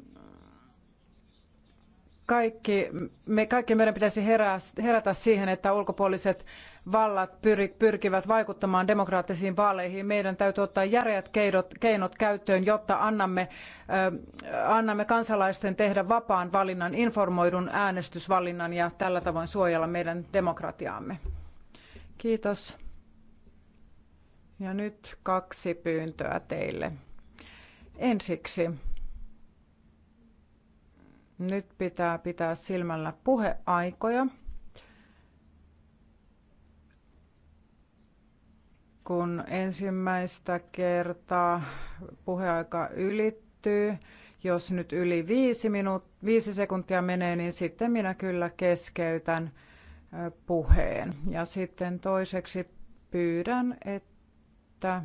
kaikki, me, kaikki meidän pitäisi herää, herätä siihen, että ulkopuoliset vallat pyri, pyrkivät vaikuttamaan demokraattisiin vaaleihin. Meidän täytyy ottaa järeät keinot, keinot käyttöön, jotta annamme, äh, annamme kansalaisten tehdä vapaan valinnan, informoidun äänestysvalinnan ja tällä tavoin suojella meidän demokratiaamme. Kiitos. Ja nyt kaksi pyyntöä teille. Ensiksi nyt pitää pitää silmällä puheaikoja. Kun ensimmäistä kertaa puheaika ylittyy, jos nyt yli viisi, minuut- viisi sekuntia menee, niin sitten minä kyllä keskeytän puheen. Ja sitten toiseksi pyydän, että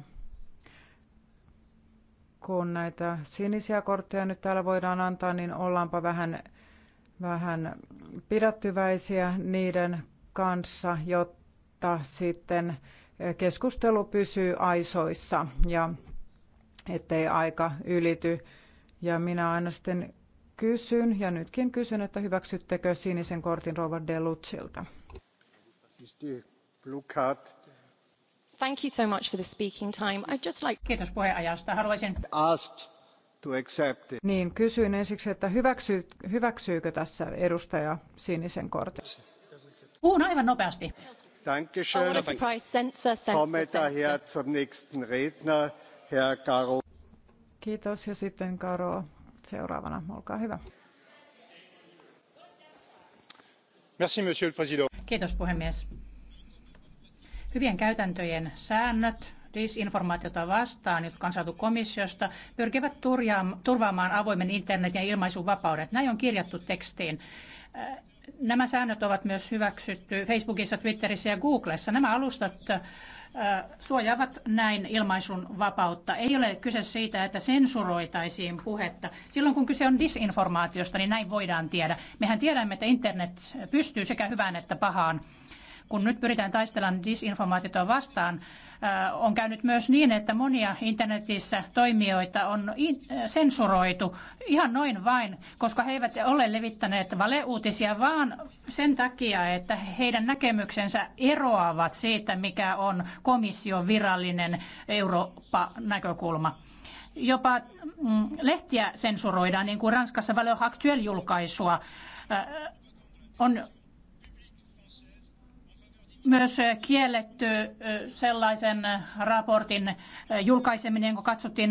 kun näitä sinisiä kortteja nyt täällä voidaan antaa, niin ollaanpa vähän, vähän pidättyväisiä niiden kanssa, jotta sitten keskustelu pysyy aisoissa ja ettei aika ylity. Ja minä aina sitten kysyn, ja nytkin kysyn, että hyväksyttekö sinisen kortin Robert De Lucilta. Blue card Thank you so much for the speaking time. just like... Kiitos puheenajasta. Haluaisin... Asked to accept it. Niin, kysyin ensiksi, että hyväksy, hyväksyykö tässä edustaja sinisen kortin? Puhun aivan nopeasti. Danke schön. Oh, surprise. Sensor, sensor, Komme daher zum nächsten Redner, Herr Karo. Kiitos ja sitten Karo seuraavana. Olkaa hyvä. Merci, monsieur le président. Kiitos puhemies. Hyvien käytäntöjen säännöt disinformaatiota vastaan, jotka on saatu komissiosta, pyrkivät turvaamaan avoimen internetin ja ilmaisun vapaudet. Näin on kirjattu tekstiin. Äh, nämä säännöt ovat myös hyväksytty Facebookissa, Twitterissä ja Googlessa. Nämä alustat äh, suojaavat näin ilmaisun vapautta. Ei ole kyse siitä, että sensuroitaisiin puhetta. Silloin kun kyse on disinformaatiosta, niin näin voidaan tiedä. Mehän tiedämme, että internet pystyy sekä hyvään että pahaan kun nyt pyritään taistelemaan disinformaatiota vastaan, äh, on käynyt myös niin, että monia internetissä toimijoita on äh, sensuroitu ihan noin vain, koska he eivät ole levittäneet valeuutisia, vaan sen takia, että heidän näkemyksensä eroavat siitä, mikä on komission virallinen Eurooppa-näkökulma jopa mm, lehtiä sensuroidaan, niin kuin Ranskassa Valeo Actuel-julkaisua. Äh, on myös kielletty sellaisen raportin julkaiseminen jonka katsottiin